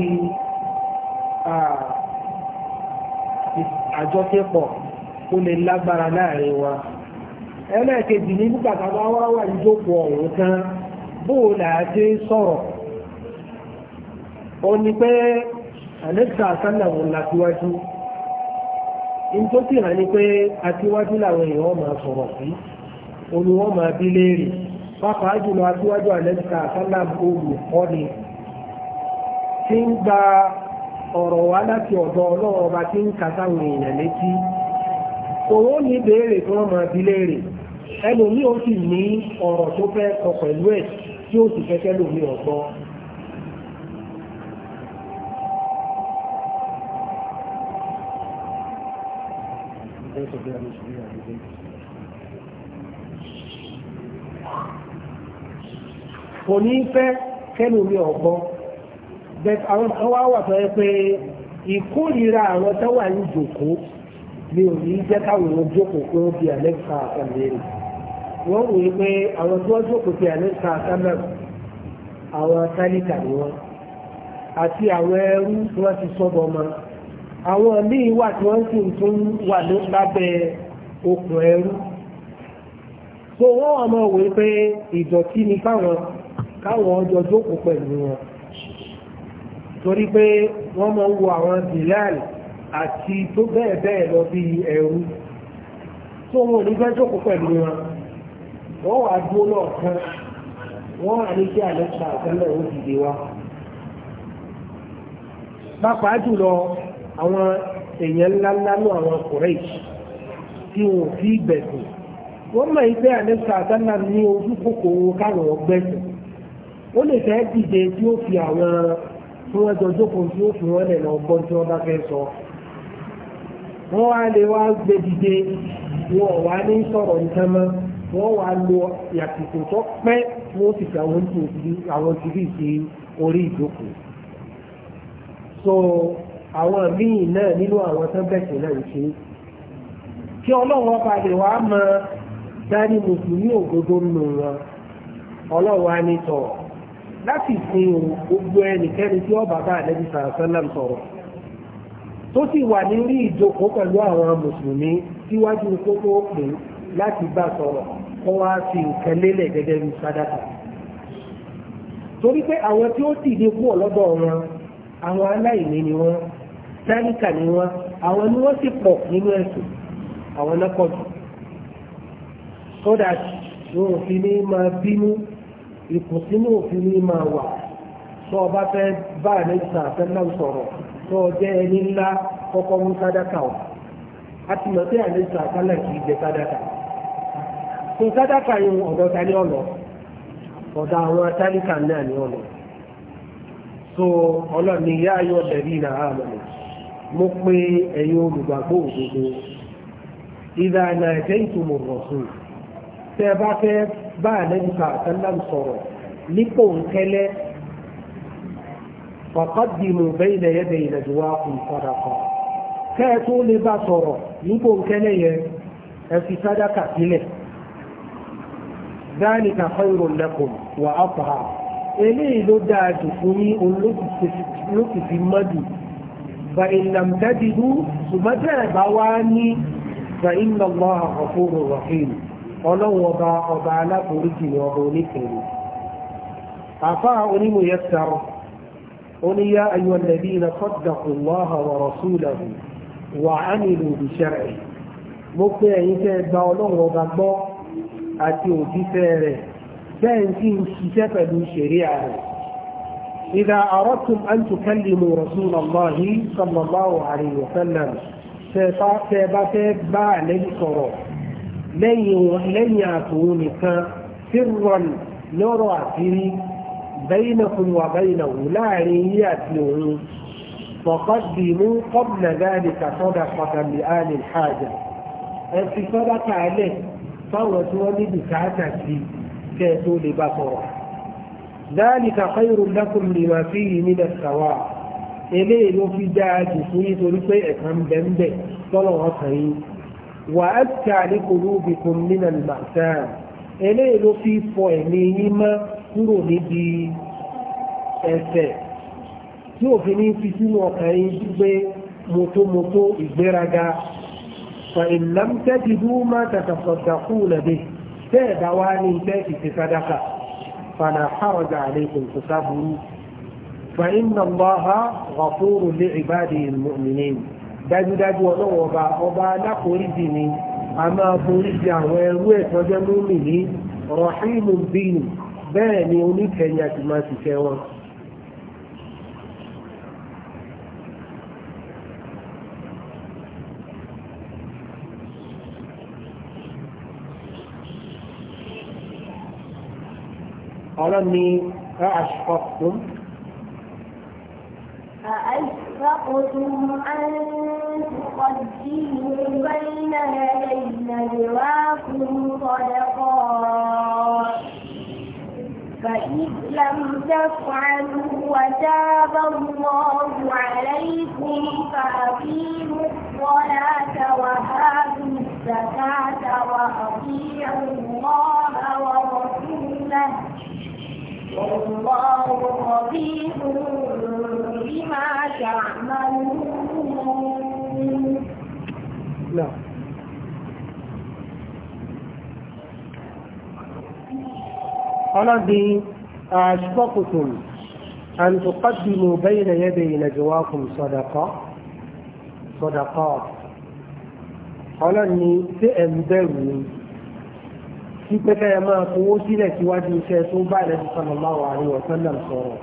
[SPEAKER 1] àjọṣepọ̀ kó lè lágbára láàrin wa ẹlẹ́ẹ̀kejì ní bùkátà bá wá wà níjókòó ọ̀hún tán bóò làájé sọ̀rọ̀ ó ní pé àlẹ́sà sálàmù làtiwájú in tó sì hàn ní pé àtiwájú làwọn èèyàn máa sọ̀rọ̀ sí olú wọn máa bí léèrè jùlọ àtiwájú àlẹ́sà sálàmù olùkọ́ni tí ń gba ọ̀rọ̀ wá láti ọ̀dọ̀ ọlọ́run ọba tí ń kàtàwọn èèyàn létí òun ní béèrè tí wọ́n máa bi léèrè ẹlòmíì ó sì ní ọ̀rọ̀ tó fẹ́ kọ pẹ̀lú ẹ̀ tí ó sì fẹ́kẹ́ lòmíì ọ̀gbọ́n. kò ní fẹ́ kẹ́lòmíì ọ̀gbọ́n bẹ́ẹ̀ àwọn àwọn àwàtọ̀ ẹ pé ìkórìíra àwọn tó wà ní ìjòkó mi ò ní jẹ́ káwọn èèyàn jókòó pé wọ́n fi Alexa wọ́n wòye pé àwọn tí wọ́n jókòó fi Alexa àtàlẹ́ àwọn tálíkà ni wọ́n àti àwọn ẹrú tí wọ́n ti sọ́bọ̀ ọmọ àwọn míì wà tí wọ́n sì tún wà lábẹ́ okùn ẹrú so wọ́n wà máa wòye pé ìdọ̀tí ni fáwọn káwọn ọjọ́ jókòó pẹ̀lú wọn torí pé wọ́n máa ń wo àwọn bìláàlì àti tó bẹ́ẹ̀ bẹ́ẹ̀ lọ bí ẹrú tó wọn ò ní fẹ́ pẹ̀lú wọn wọ́n wà dúró náà kan wọ́n wà ní kí àlẹ́sà àtẹ́lẹ̀ ó dìde wá. awọn jùlọ àwọn èèyàn ńláńlá ní àwọn wọn ò fi gbẹ̀sìn wọ́n mọ̀ àtẹ́lẹ̀ ní ojú kòkòrò káwọn ó lè fẹ́ dìde fi àwọn fi wọ́n lẹ̀ lọ wọ́n wá lè wá gbé dìde wọn wá ní sọ̀rọ̀ nǹkan mọ́ wọ́n wá lo yàtìkò tó pẹ́ wọ́n ti fi àwọn tìbí sí orí so àwọn míì náà nínú àwọn tán bẹ̀sẹ̀ náà ń ṣe kí ọlọ́run ọba lè wá mọ dání mùsùlùmí òdodo nù wọn ọlọ́run á ní sọ̀rọ̀ láti sin gbogbo ẹnikẹ́ni tí ọba bá tó sì wà nílí ìjókòó pẹ̀lú àwọn mùsùlùmí síwájú kókó pè láti bá sọ̀rọ̀ kó wá fi nǹkan lélẹ̀ gẹ́gẹ́ bí sádàkà torí pé àwọn tí ó dìde pọ̀ lọ́dọ̀ wọn àwọn aláìní ni wọn táníkà ni wọn àwọn ni wọ́n sì pọ̀ nínú ẹ̀sùn àwọn lọ́pọ̀ jù so that wọn ò fi ní máa bínú ìkùnsínú òfin ní máa wà tó ọba fẹ́ bá àlejò àfẹ́ náà sọ̀rọ̀ tó jẹ́ ẹni ńlá kọ́kọ́ mú sádàkà ọ̀ àti mọ̀ sí àlejò àkálà kì í jẹ sádàkà tó sádàkà yìí ọ̀dọ̀ ta ní ọ̀nà ọ̀dọ̀ àwọn atálíkà náà ní ọ̀nà so ọlọ́ni yá ayọ̀ lẹ́rí ìlà àmàlẹ̀ mo pe ẹ̀yin olùgbàgbọ́ òdodo ìlà nàìjẹ́ ìtumọ̀ rọ̀sùn tẹ́ bá fẹ́ bá àlejò àkálà sọ̀rọ̀ nípò nkẹ́lẹ́ فقدموا بين يدي نجواكم صدقة كاتوا لبصرة يكون كليه في صدقة إليه ذلك خير لكم وأطهر إليه لدى جفني لك في المدي فإن لم تجدوا ثم بواني فإن الله غفور رحيم ولو وضع وضع لك رجل وضع لك أفاء لميسر قل يا أيها الذين صدقوا الله ورسوله وعملوا بشرعه مكنا يسير دولون وضبط أتي وجسيره فأنتين شتفة من شريعه إذا أردتم أن تكلموا رسول الله صلى الله عليه وسلم سيباتبع للصراط لن يعطونك سرا لرعتني بينكم وبينه لا يأتي يعني فقدموا قبل ذلك صدقة لآل الحاجة أنت صدقة عليه فوتوني بكعتك كيسوا لبطرة ذلك خير لكم لما فيه من الثواب إليه لو في داعي سويت لكي أكرم بنبه صلوة وأذكى لقلوبكم من المأساة إليه لو في فعليهما kúrò níbi ẹ̀ṣẹ̀ tí òfin ní fi sínú ọkàn yín gbígbé motomoto ìgbéraga fa ìlàm tẹ́tìdú máa tàtàfọ̀dàkú nàbí bẹ́ẹ̀ bá wá ní tẹ́tì ti sadaka fànà àrọ̀jà àlékún kò sábúrú fa iná lọ́ha rọ̀fúrù lé ìbáàdì ìmọ̀mìnì dájúdájú ọlọ́wọ́ ọba ọba alákòóríjì ni a máa foríjì àwọn ẹrú ẹ̀tọ́jẹ́ lómìnì rọ̀hìmù bínú bẹ́ẹ̀ ni oníkẹyìn àti máa ṣiṣẹ́ wọn. ọlọ́ni أأشفقتم
[SPEAKER 2] أأشفقتم أن تقدموا بين يدي نجواكم صدقات فإذ لم تفعلوا وتاب الله عليكم فأقيموا الصلاة وآتوا الزكاة وأطيعوا الله ورسوله والله خبير
[SPEAKER 1] ọlọ́dí ashfaqtum an tuqaddimu bayna yaday najwakum sadaqa sadaqa ọlọ́ni tí ẹ̀ ń bẹ̀rù ni kí pẹ́kẹ́ ẹ máa fowó sílẹ̀ síwájú iṣẹ́ tó bá ilẹ̀ sallallahu alaihi wa sallam sọ̀rọ̀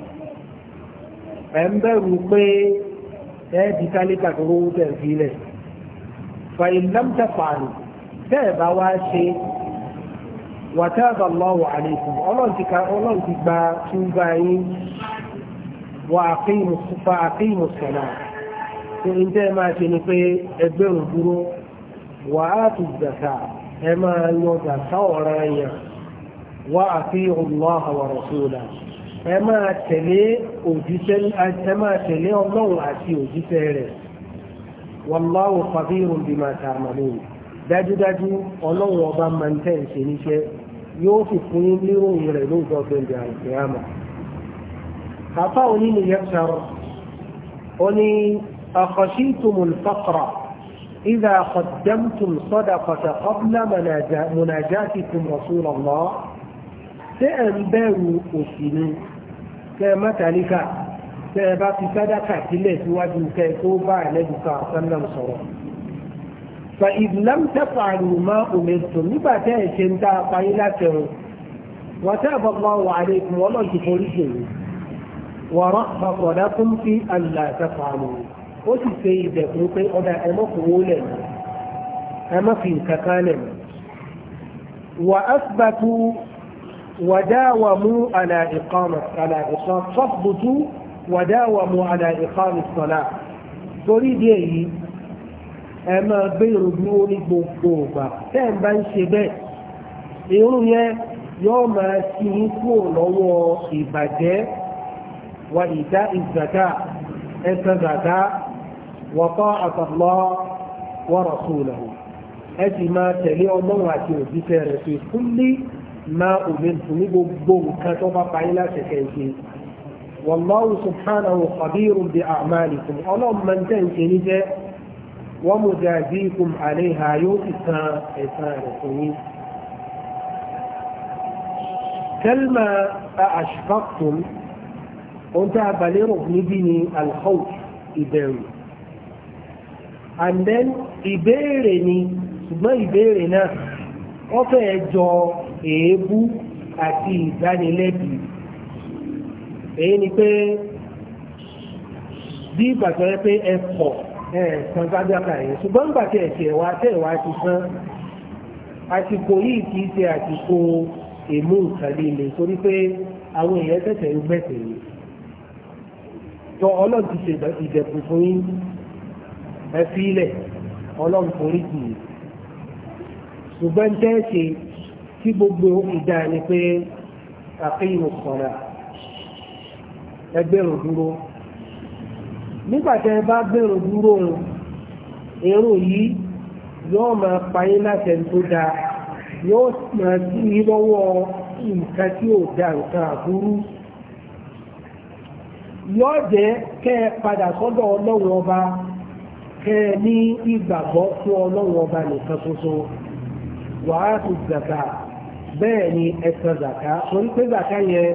[SPEAKER 1] wàtáàbà lọ́wọ́ àlékún ọlọ́run ti gba tún bá yín wà àkíyìmù sọ̀nà tó ń tẹ́ máa ṣe ni pé ẹgbẹ́rún dúró wà á tù zàkà ẹ máa yọ zàkà ọ̀rọ̀ yẹn wà àkíyìmù lọ́wọ́ àwọn ọ̀ṣọ́lá ẹ máa tẹ̀lé ọlọ́run àti òjíṣẹ́ rẹ̀ yóò sì fún yín níròyìn rẹ̀ lóòjọ́ gbẹ̀ndẹ̀ àìsíámà àfa òní ni yẹn sọ̀rọ̀ ó ní أخشيتم الفقر إذا قدمتم صدقة قبل مناجاتكم رسول الله تأنبأوا أسنين كما تلك تأبى في صدقة التي وجدت توبة النبي صلى الله عليه وسلم صرف fa ìdílám tẹ́fà àrùmá òmètò nígbà tẹ́ ẹ̀ ṣe ń dá apáyé látẹ̀rọ wọ́n tẹ́ àbọ̀gbọ́ wà á lè kún ọlọ́jì forí ṣèlú wọ̀rọ̀ bàbọ̀dá kún sí àlùlà tẹ́fà àrùn ó sì ṣe ìdẹ̀kùn pé ọ̀dà ẹ̀mọ́ lẹ̀ mọ́ ẹ̀mọ́ fi lẹ̀ mọ́ wà á sbàtú وداوموا على إقامة على إقامة فاضبطوا وداوموا torí díẹ̀ yìí ẹ máa gbèrò dúró ní gbogbo ìgbà tẹ́ ẹ̀ bá ń ṣe bẹ́ẹ̀ irun yẹn yóò máa ti ń kúrò lọ́wọ́ ìbàjẹ́ wa ìdá ìzàkà ẹ̀sẹ̀ zàkà wọ́pọ̀ àtàlọ́ wọ́rọ̀ sóòlù ẹ sì máa tẹ̀lé ọlọ́run àti òjíṣẹ́ rẹ̀ fi kúlí máa òmìnirù ní gbogbo nǹkan tó bá parí láti kẹ̀kẹ́ wọ́n lọ́wọ́ subhanahu khabirun bi a'malikum ọlọ́run máa ń tẹ̀ ń ṣe níjẹ́ wọ́n mú jàdí ikùn àléhà yóò sì san ẹ̀san rẹ̀ fún yín. kẹ́lmà àṣfàkùn ohun tá a balẹ̀ rò níbí ni alhaut ìbẹ̀rù and then ìbéèrè ni ṣùgbọ́n ìbéèrè náà wọ́n fẹ́ jọ èébú àti ìdánilẹ́bi èyí ni pé bí ìgbà tó pé ẹ kọ̀ ẹ̀ẹ̀kan sádàkà yẹn ṣùgbọ́n gbà tẹ̀ ẹ̀kẹ́ wa tẹ̀ wá ti sán àsìkò yìí kì í ṣe àsìkò èmú ìtàlélè torí pé àwọn èèyàn tẹ̀sẹ̀ ń gbẹ̀sẹ̀ yìí tọ́ ọlọ́run ti ṣe ìdẹ̀kùn fún yín ẹ fi ilẹ̀ ọlọ́run forí jì í ṣùgbọ́n tẹ́ẹ̀ṣe tí gbogbo ìdá ni pé àfihàn sọ̀rọ̀ ẹgbẹ́rún dúró nígbàtẹ́ bá gbèrò dúró wọn èrò yìí yóò máa payé láti ẹni tó dáa yóò máa sí ní lọ́wọ́ nǹkan tí ò da nǹkan àbúrú yóò jẹ́ kẹ́ ẹ padà sọ́dọ̀ ọlọ́run ọba kẹ́ ẹ ní ìgbàgbọ́ fún ọlọ́run ọba nìkan ṣoṣo wàá tó zàkà bẹ́ẹ̀ ni ẹ̀sán zàkà torí pé zàkà yẹn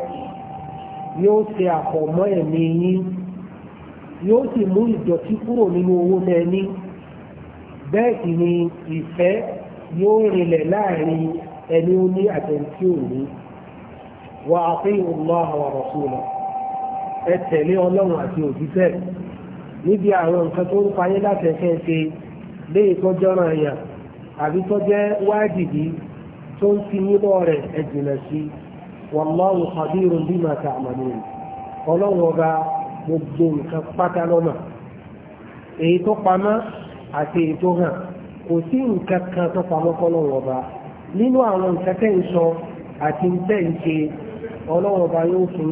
[SPEAKER 1] yóò ṣe àpọ̀mọ́ ẹ̀mí yín yóò sì mú ìdọ̀tí kúrò nínú owó lẹ́ni bẹ́ẹ̀ sì ni ìfẹ́ yóò rinlẹ̀ láàrin ẹni ó ní àtẹ̀ntí òní wà á pín Allah wa rasulahu ẹ tẹ̀lé ọlọ́run àti òjíṣẹ́ níbi àwọn nǹkan tó ń payé láti ẹ̀kẹ́ ṣe lé ìtọ́jọ́ràn ẹ̀yà àbí tó jẹ́ wájìbí tó ń fi yín rẹ̀ ẹ̀jìnà sí wallahu khabirun bima ta'malun ọlọ́run ọba gbogbo nǹkan pátá lọ́nà èyí tó pamọ́ àti èyí tó hàn kò sí nǹkan kan tó pamọ́ fọlọ́wọ́ ọba nínú àwọn nǹkan tẹ́ ń sọ àti tẹ́ ń ṣe ọlọ́wọ́ ọba yóò fún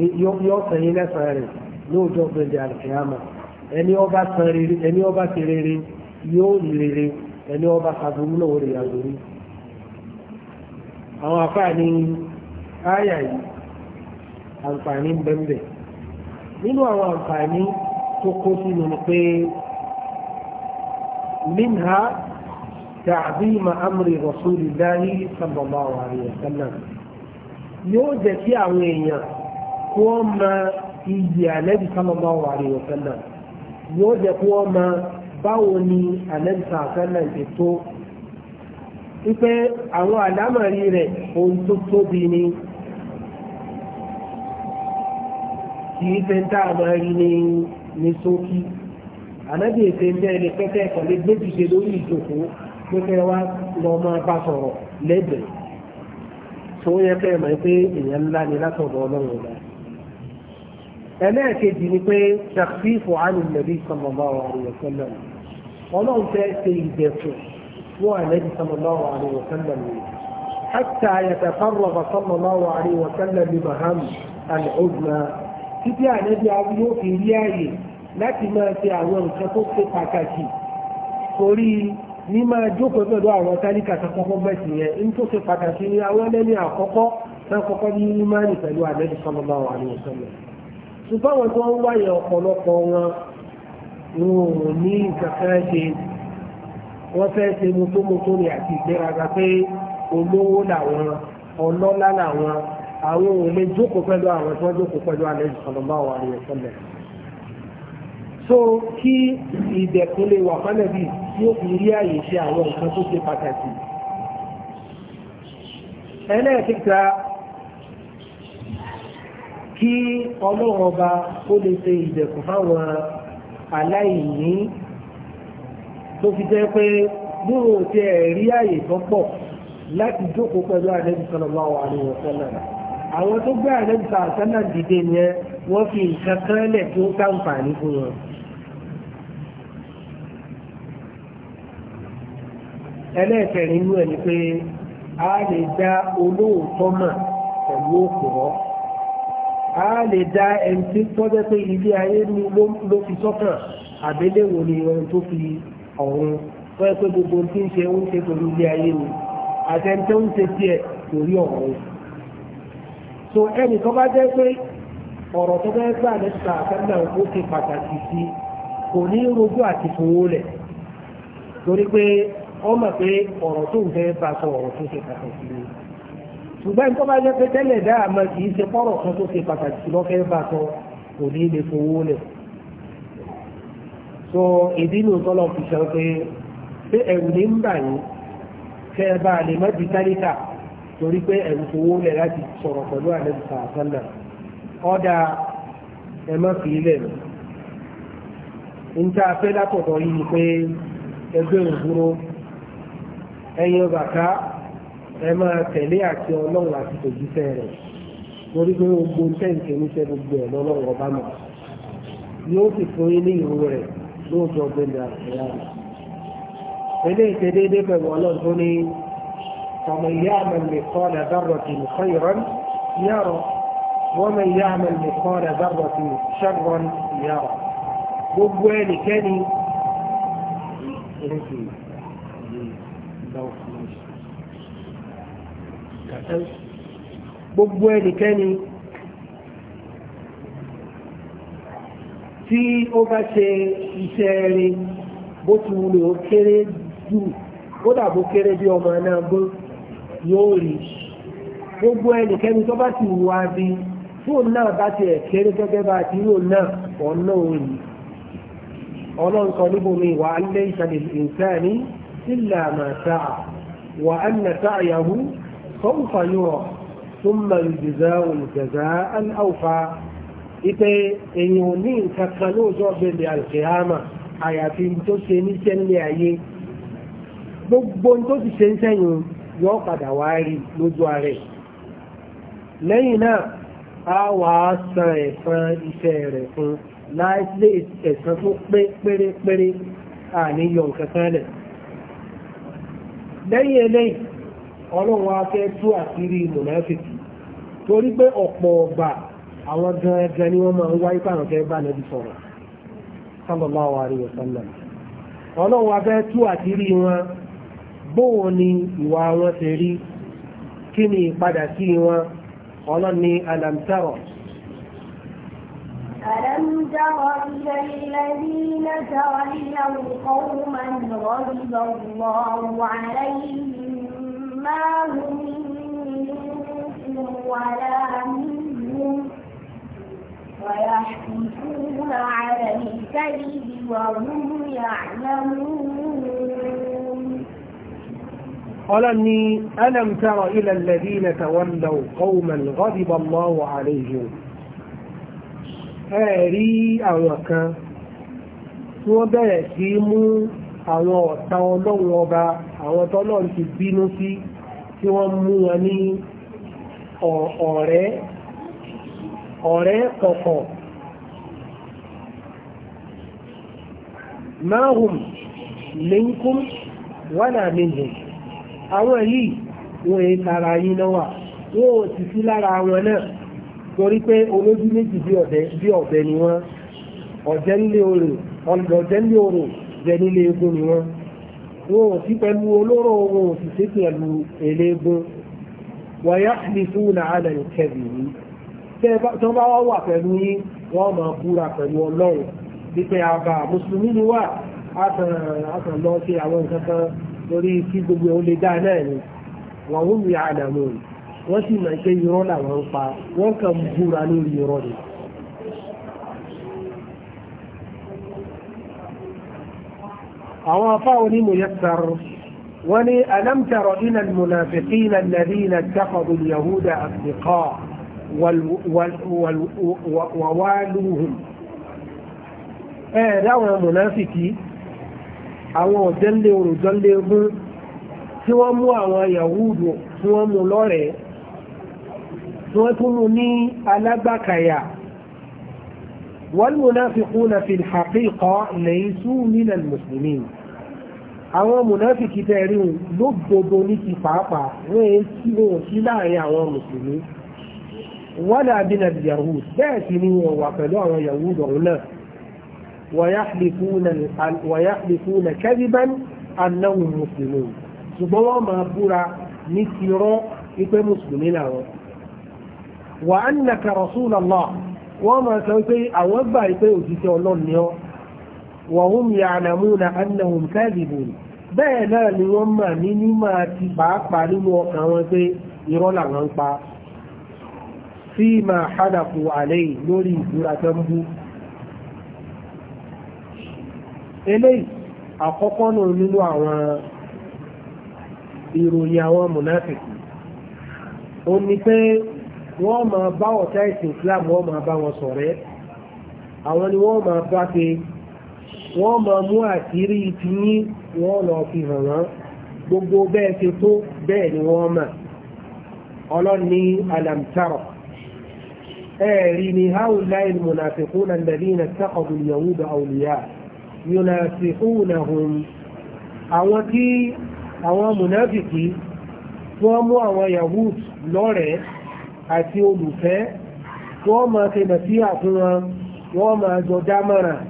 [SPEAKER 1] yóò san yín lẹ́sàn-án rẹ̀ lóòjọ́ gbẹ̀dẹ̀ àlùkìyàmà ẹni ọba san rere ẹni ọba ti rere yóò rere ẹni ọba sàbúrú náà rè àgbèrè àwọn àfáà ní áyà yìí àǹfààní bẹ́ẹ̀ bẹ́ẹ̀. nínú àwọn àǹfààní tó kó sínú ni pé minha تعظيم أمر رسول الله صلى الله yóò jẹ́ kí àwọn èèyàn kó mọ iyì ànábì sallallahu alaihi wa yóò jẹ́ kó mọ báwo ni ànábì sallam ti tó wípé àwọn àlámọ̀rí rẹ̀ ohun tó ni kì í ṣe ń tá a máa rí ní ní sókí ànábì èsè ń bẹ́ẹ̀ ni pẹ́pẹ́ ẹ̀kọ́ lè gbé jìṣe lórí ìjókòó pẹ́pẹ́ wa lọ máa bá sọ̀rọ̀ lẹ́bẹ̀ẹ́ tó yẹ pé mọ̀ pé èèyàn ńlá ni látọ̀dọ̀ ọlọ́run ọ̀la ẹlẹ́ẹ̀kejì ni pé ṣàfihàn àánú nàbí sallallahu alaihi ọlọ́run fẹ́ ṣe ìdẹ̀kùn fún àlẹ́bí sallallahu alaihi wa sallam nìyẹn حتى يتقرب صلى الله عليه وسلم بمهام العزمة títí ànábì awi yóò fi rí ààyè láti máa ṣe àwọn nǹkan tó ṣe pàtàkì torí ní máa jókòó pẹ̀lú àwọn tálíkà tó kọ́kọ́ bẹ̀sì yẹn ní tó ṣe pàtàkì ní àwọn ẹlẹ́ni àkọ́kọ́ náà kọ́kọ́ ní mímánì pẹ̀lú ànábì sallallahu alaihi wasallam ṣùgbọ́n àwọn tó ń wáyé ọ̀pọ̀lọpọ̀ wọn wọn ò ní nǹkan kan ṣe wọ́n fẹ́ ṣe mọ́tòmọ́tò ní àti ìgbéraga pé olówó làwọn ọlọ́lá làwọn àwọn ò lè jókòó pẹ̀lú àwọn tí wọ́n jókòó pẹ̀lú àlejò sallallahu alaihi wasallam. so kí ìdẹ̀kùn lè wà fánàbí tí ó fi rí àyè ṣe àwọn nǹkan tó ṣe pàtàkì. ẹlẹ́ẹ̀kẹta kí ọlọ́run ọba ó lè ṣe ìdẹ̀kùn fáwọn aláìní tó fi jẹ́ pé bóòrò tí ẹ̀ rí àyè tó pọ̀ láti jókòó pẹ̀lú àlejò sallallahu alaihi wasallam àwọn tó gbé àlẹ́bùsà àsánà dìde yẹn wọ́n fi nǹkan tó ṣàǹfààní fún wọn. ẹlẹ́ẹ̀kẹrin inú ẹ̀ ni pé a lè dá olóòótọ́ mọ̀ pẹ̀lú òpùrọ́ a lè dá ẹni tí tọ́jẹ́ pé ilé ayé ni ló fi sọ́kàn àbẹ́lẹ́wò ni ohun tó fi ọ̀run tọ́jẹ́ pé gbogbo tí ń ṣe ń ṣe pẹ̀lú ilé ayé ni àtẹ̀ntẹ́ ń ṣe tiẹ̀ lórí ọ̀run so ẹnì tó bá jẹ́ pé ọ̀rọ̀ tó bá gbà lẹ́sà àtàlà ó ti pàtàkì sí kò ní rojú àti fowó lẹ̀ torí pé ọ mọ̀ pé ọ̀rọ̀ tó ń fẹ́ bá sọ ọ̀rọ̀ tó ṣe pàtàkì ni ṣùgbọ́n tó bá jẹ́ pé tẹ́lẹ̀ dáa mọ̀ kì í ṣe pọ́rọ̀ kan tó ṣe pàtàkì lọ́fẹ́ bá sọ kò ní lè fowó lẹ̀ so ìdínú tọ́lọ̀ fi sọ pé pé ẹ̀rù ní ń bà yín kẹ́ ẹ bá lè mọ́ di tálíkà torí pé ẹ̀rù fowó lẹ̀ láti sọ̀rọ̀ pẹ̀lú àlẹ́bù sàásánà ọ̀dà e má fi ilẹ̀ lọ. n ta fẹ́ látọ̀dọ̀ yìí ni pé ẹgbẹ́ ẹ máa tẹ̀lé àti ọlọ́run àti tòjúfẹ́ rẹ̀ torí pé gbogbo tẹ́ǹkì níṣẹ́ gbogbo ẹ̀ lọ́lọ́run ọba mọ̀ sì fún yín ní rẹ̀ lóòótọ́ gbẹ̀dẹ̀ àti ìyá rẹ̀ eléyìí ṣe déédéé pẹ̀lú ọlọ́run tó ní ومن يعمل مثقال ذرة خيرا يرى ومن يعمل مثقال ذرة شرا يرى gbogbo ẹnikẹ́ni gbogbo ẹnikẹ́ni tí ó bá ṣe iṣẹ́ rere bó ti wulò kéré jù kódà bó kéré bí ọmọ náà gbọ́n yóò rí gbogbo ẹnikẹ́ni tó bá ti wà bí fóònù náà bá ti ẹ̀kẹ́rẹ́ gẹ́gẹ́ bá ti rò náà ọ̀nà òyìn ọlọ́run kan níbo mi wà alẹ́ ìṣàlẹ̀ ìsáàní sílẹ̀ àmàṣà wà á nà sáàyàwó tó mọ ìjìzá olùjẹ̀zá aláwùfà ipe èyàn ò ní nǹkan kan lóòótọ́ bẹ̀rẹ̀ àyàfi tó ṣe níṣẹ́ nílé ayé gbogbo tó ti ṣe ń sẹ́yìn yóò padà wá rí lójú ààrẹ lẹ́yìn náà a wà á san fun iṣẹ́ rẹ̀ fún láìsí ẹ̀san tó pé pérépéré àníyàn kankan lẹ̀ lẹ́yìn eléyìí ọlọ́run á fẹ́ tú àṣírí torí pé ọ̀pọ̀ àwọn ni wọ́n máa ń wáyé pàrọ̀ bá sọ̀rọ̀ ọlọ́run wọn bóò ni ìwà wọn ti rí kí ni ìpadà sí wọn ọlọ́ni alamtaro
[SPEAKER 2] ألم تر إلى الذين تولوا قوما غضب الله عليهم ما هم منكم ولا منهم ويحلفون على الكذب وهم يعلمون
[SPEAKER 1] قالني ألم تر إلى الذين تولوا قوما غضب الله عليهم أري أوكا وبدأ سيمو àwọn ọ̀tá ọlọ́run ọba àwọn tọ́lọ́run ti bínú sí tí wọ́n mú wọn ní ọ̀rẹ́ ọ̀rẹ́ kọ̀kọ̀ máhùn minkum wala minhum àwọn yìí wọ́n è tara yín lọ́wà wọ́n ò sì sí lára wọn náà torí pé olójú méjì bí ọ̀bẹ ni wọ́n ọ̀jẹ́ nílé orò ọ̀jẹ́ nílé orò jẹ́ nílé egun ni wọ́n wọn ò sí pẹ̀lú olóró wọn ò sì sí pẹ̀lú eléegun wọ̀nyá wọ́n máa búra pẹ̀lú ọlọ́run wípé torí kí gbogbo ẹ̀ ó lè dá náà ni wọ́n ń rí àdàmú wọ́n sì máa ṣe irọ́ làwọn ń pa wọ́n kàn búra lórí irọ́ ni. àwọn afá onímọ̀ yẹn sàrọ̀ wọ́n ní alámtàrọ̀ ilẹ̀ mùnàfẹ́kì ilẹ̀ nàbí ilẹ̀ jákòdù yahuda àfìkọ́ wàwálùhùn. ẹ̀ẹ́dáwọn mùnàfẹ́kì àwọn ọ̀jẹ́lé orùjọ́lé gún tí wọ́n mú àwọn yahudu tí wọ́n mú lọ́rẹ̀ẹ́ tí wọ́n tún mú ní alágbàkàyà wal munafiquna fil haqiqa laysu minal muslimin àwọn mùnáfìkì tẹ́rin ló gbogbo ní ti pàápàá wọ́n èé sí wọ́n dàbí nàbì yahud bẹ́ẹ̀ sí ni wọ́n wà pẹ̀lú àwọn yahud ọ̀run náà ويحلفون كذبا أنهم مسلمون ṣùgbọ́n wọ́n máa búra ní ti rán ipé mùsùlùmí làwọn wà á nà ka Rasulullah wọ́n máa sọ pé àwọn gbà pé òjíṣẹ́ Ọlọ́run ni ọ́ wa hum ya'lamuna annahum kadhibun bẹ́ẹ̀ náà ni wọ́n máa ní ní máa ti pàápàá nínú ọkàn wọn pé irọ́ làwọn ń pa fima hadafu alayhi lórí ìbúra tó ń bú eléyìí àkọ́kọ́ náà nínú àwọn ìròyìn àwọn mùnáfìkì ó ní pé wọ́n máa bá ọ̀tá ìsìn Islam wọ́n máa bá wọn ṣọ̀rẹ́ àwọn ni wọ́n máa bá pé wọ́n máa mú àṣírí ìtìyín wọ́n lọ fi hàn wọ́n gbogbo bẹ́ẹ̀ ti tó bẹ́ẹ̀ ni wọ́n mà ọlọ́ni alamtaro ẹ̀ẹ̀rí ni haúláì mùnáfìkúnà alladhina ittakhadhu al-yahuda awliya' yunasifunahum àwọn tí àwọn mùnáfìkì tí wọ́n mú àwọn yahud lọ́rẹ̀ẹ́ àti olùfẹ́ tí wọ́n máa ṣe nàfíà fún wọn wọ́n máa jọ dámọ̀ràn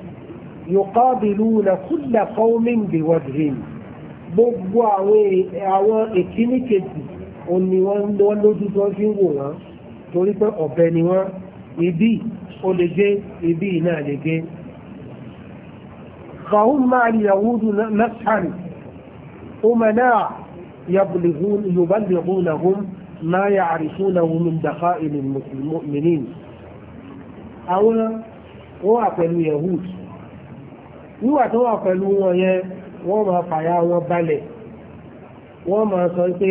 [SPEAKER 1] yuqabiluna kulla qawmin biwajhin gbogbo àwọn èkíní e, òní wọ́n lójú tó fi wò wọ́n torí ọ̀bẹ ni wọ́n ibi ó lè náà lè gé فهم مع اليهود نفحا أمناء يبلغون يبلغونهم ما يعرفونه من دخائل المؤمنين àwọn wọ́n wà pẹ̀lú yahud níwà tó wà pẹ̀lú wọn yẹn wọ́n máa fàyà wọn balẹ̀ wọ́n máa sọ pé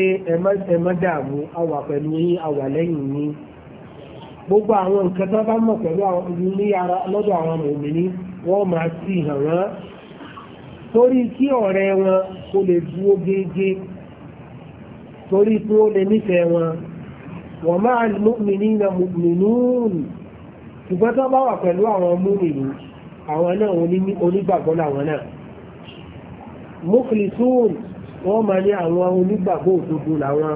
[SPEAKER 1] ẹmọ́ dààmú àwà pẹ̀lú yín àwà lẹ́yìn yín gbogbo àwọn nǹkan tó bá mọ̀ pẹ̀lú ní ara lọ́dọ̀ àwọn mòmìnir wọ́n máa sí hàn wọ́n torí kí ọ̀rẹ́ wọn kó lè dúró gẹ́gẹ́ torí pé ó lè nífẹ̀ẹ́ wọn wọ́n máa mọ́mìnì na mọ́mìnún ṣùgbọ́n tó bá wà pẹ̀lú àwọn mọ́mìnì àwọn náà onígbàgbọ́ làwọn náà mọ́kìlìsún wọ́n máa ní àwọn onígbàgbọ́ òdodo làwọn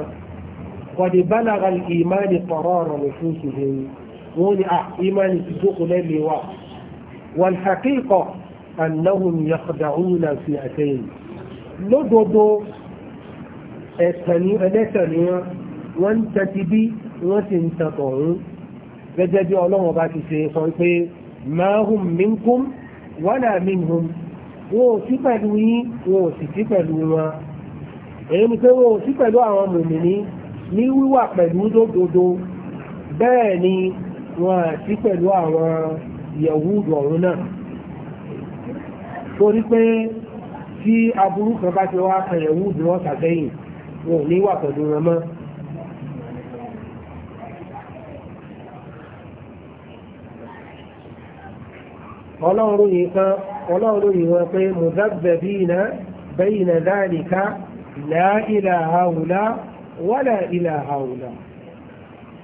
[SPEAKER 1] kọ̀dì bálàgà ìmáàlì pọ̀rọ̀ ọ̀rọ̀ lọ́sùn ṣùgbọ́n wọ́n ni à ìmáàlì ti jókòó والحقيقة أنهم يخدعون فئتين لدودو ẹlẹ́tẹ̀lẹ́yàn wọ́n tẹ́tí bí wọ́n ti ń tẹ́tọ̀rún gẹ́gẹ́ bí ọlọ́run bá ti ṣe sọ pé máhùn minkum wala minhum wọ́n ò sí pẹ̀lú yín wọ́n ò sì pẹ̀lú wọn èyí ni pé wọ́n ò sí pẹ̀lú àwọn Yahudu ọ̀run náà torí pé tí aburú kan bá ti wá kan Yahudu wọn sàtẹ́yìn wọn ò ní wà pẹ̀lú wọn mọ́ ọlọ́run yìí kan ọlọ́run yìí wọn pé mudhabbina bayna dhalika la ilaha ula wala ilaha ula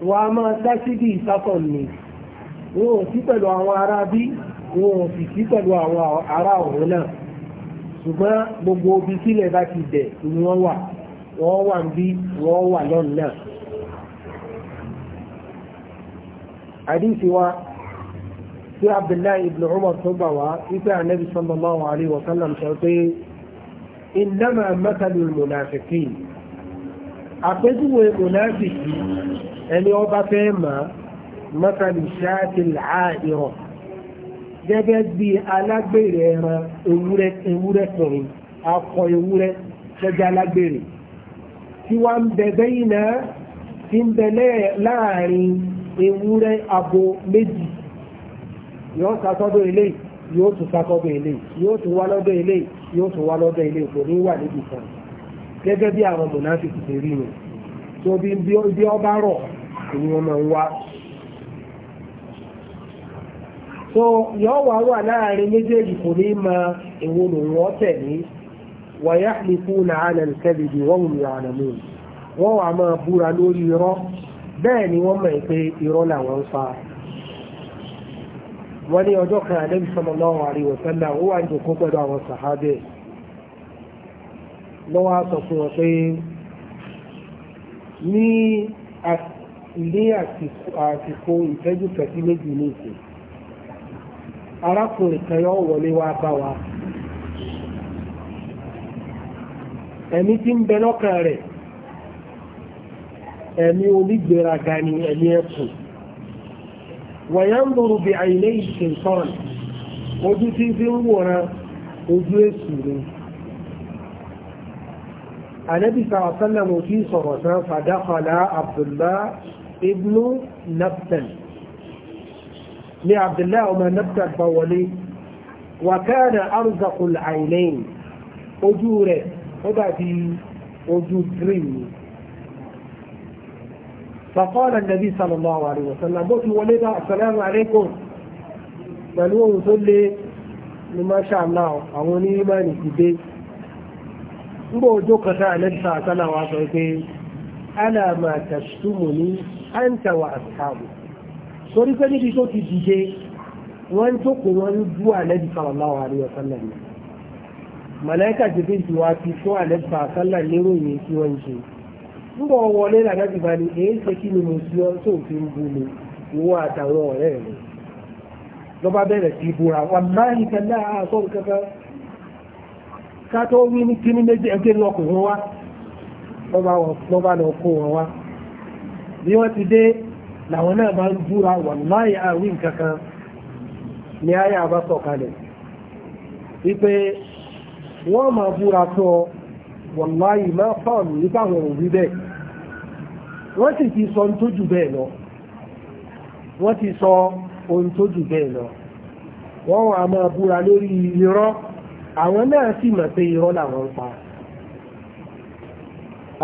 [SPEAKER 1] wọ́n a máa dá síbi ìsákọ̀ nìyí wọn ò sí pẹ̀lú àwọn ará bí wọn ò sì sí pẹ̀lú àwọn ará ọ̀hún náà ṣùgbọ́n gbogbo ibi sílẹ̀ bá ti dẹ̀ ni wọ́n wà wọ́n wà ń bí wọ́n wà lọ́nà náà. àdìsí wa tí abdullahi ibn umar tó gbà wá wípé anabi sallallahu alayhi wa sallam sọ pé innama matalu munafiqin àpéjúwe munafiki ẹni ọba fẹ́ máa mọ́tàlì ṣáàtì láàárọ̀ gẹ́gẹ́ bí alágbèrè ẹran ewúrẹ́ kùnrin akọ ewúrẹ́ gẹ́gẹ́ alágbèrè tí wá ń bẹ bẹ́yìn náà ti ń bẹ láàrin ewúrẹ́ abo méjì yóò sàtọ́dọ̀ ilé yóò tún sàtọ́dọ̀ ilé yóò tún wá lọ́dọ̀ ilé yóò tún wá lọ́dọ̀ ilé kò ní wà níbi kan gẹ́gẹ́ bí àwọn mùnáfíkì ti rí ni tó bí ọba rọ̀ ni wọ́n ń wá so yọ wà wà láàrin méjèèjì kò ní ma èwo lòun ọ̀tẹ̀ ní wàyà nìkú nàánà kẹ́bìdì wọ́n mú ìrànà mú wọ́n wà máa búra lórí irọ́ bẹ́ẹ̀ ni ọjọ́ kan àdébí sallallahu alaihi wa ó wà ní òkú pẹ̀lú àwọn sàhábẹ́ lọ́wọ́ sọ fún wọn pé ní ilé àsìkò ìtẹ́jú kẹsí méjì ní ìsìn arákùnrin kan yóò wọlé wá bá wa ẹ̀mí tí ń bẹ lọ́kàn rẹ̀ ẹ̀mí onígbéraga ni ẹ̀mí ẹ̀kùn wọ̀nyánbùrù bí àìlẹ́ ìṣẹ̀ntọ́n ojú tí fi ń wòran ojú èsù ni ànábì sàwọ̀sánlẹ̀ mo fi sọ̀rọ̀ tán fàdákọ̀lá Abdullah ibnu nabdal لعبد الله وما نبت البولي وكان أرزق العينين أجوره وبعدي أجور دريني فقال النبي صلى الله عليه وسلم بوت ولدا السلام عليكم بلوه صلي ما شاء الله أولي ما نكبي نبو جوكة النبي صلى الله عليه وسلم ألا ما تشتمني أنت وأصحابك torí pé níbi tó ti dìde wọ́n tó kò wọ́n ń bú àlẹ́bí sallallahu alaihi wasallam ni màláìkà jẹ́bí ti wá ti fún àlẹ́bí sallallahu níròyìn tí wọ́n ń ṣe ń bọ̀ wọlé làdájú bá ní èyí ṣe kí ni mo sí ọ tó fi ń bú mi ìwọ àtàwọn ọ̀rẹ́ rẹ̀ lọ́ba bẹ̀rẹ̀ sí búra wà máa ní kẹlẹ́ àásọ̀ kẹfẹ́ ká tó wí ní kíní méjì ẹgbẹ́ lọkùnrin wá lọ́ba lọ kó wọn wá bí wọ́n ti dé làwọn náà bá ń búra wàláyé àwìn kankan ní àyà bá sọ̀kalẹ̀ wípé wọ́n máa búra tó wàláyé máa fáàmù nípa àwọn òwú bẹ́ẹ̀ wọ́n sì ti sọ ohun tó jù bẹ́ẹ̀ lọ wọ́n ti sọ ohun tó lọ wọ́n wà máa búra lórí irọ́ àwọn náà sì mọ̀ pé irọ́ làwọn ń pa.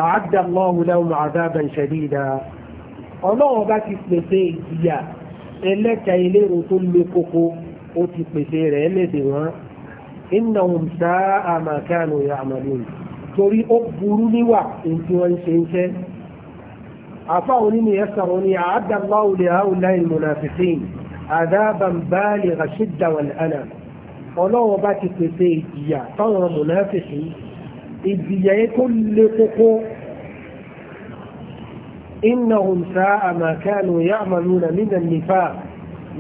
[SPEAKER 1] أعد الله لهم عذابا شديدا ọlọ́run bá ti pèsè ìjìyà ẹlẹ́ka eléro tó le koko ó ti pèsè rẹ̀ lédè wọn iná òun sá àmàkánu àmàlùm torí ó burú níwà tí wọ́n ń ṣe ń ṣe afa òní ni ẹsà òní àádàlá òlè àwòlá ìmùnàfífín àdábàn báàlì rashidda wal ana ọlọ́run bá ti pèsè ìjìyà táwọn mùnàfífín ìjìyà yẹn tó le koko إنهم ساء ما كانوا يعملون من النفاق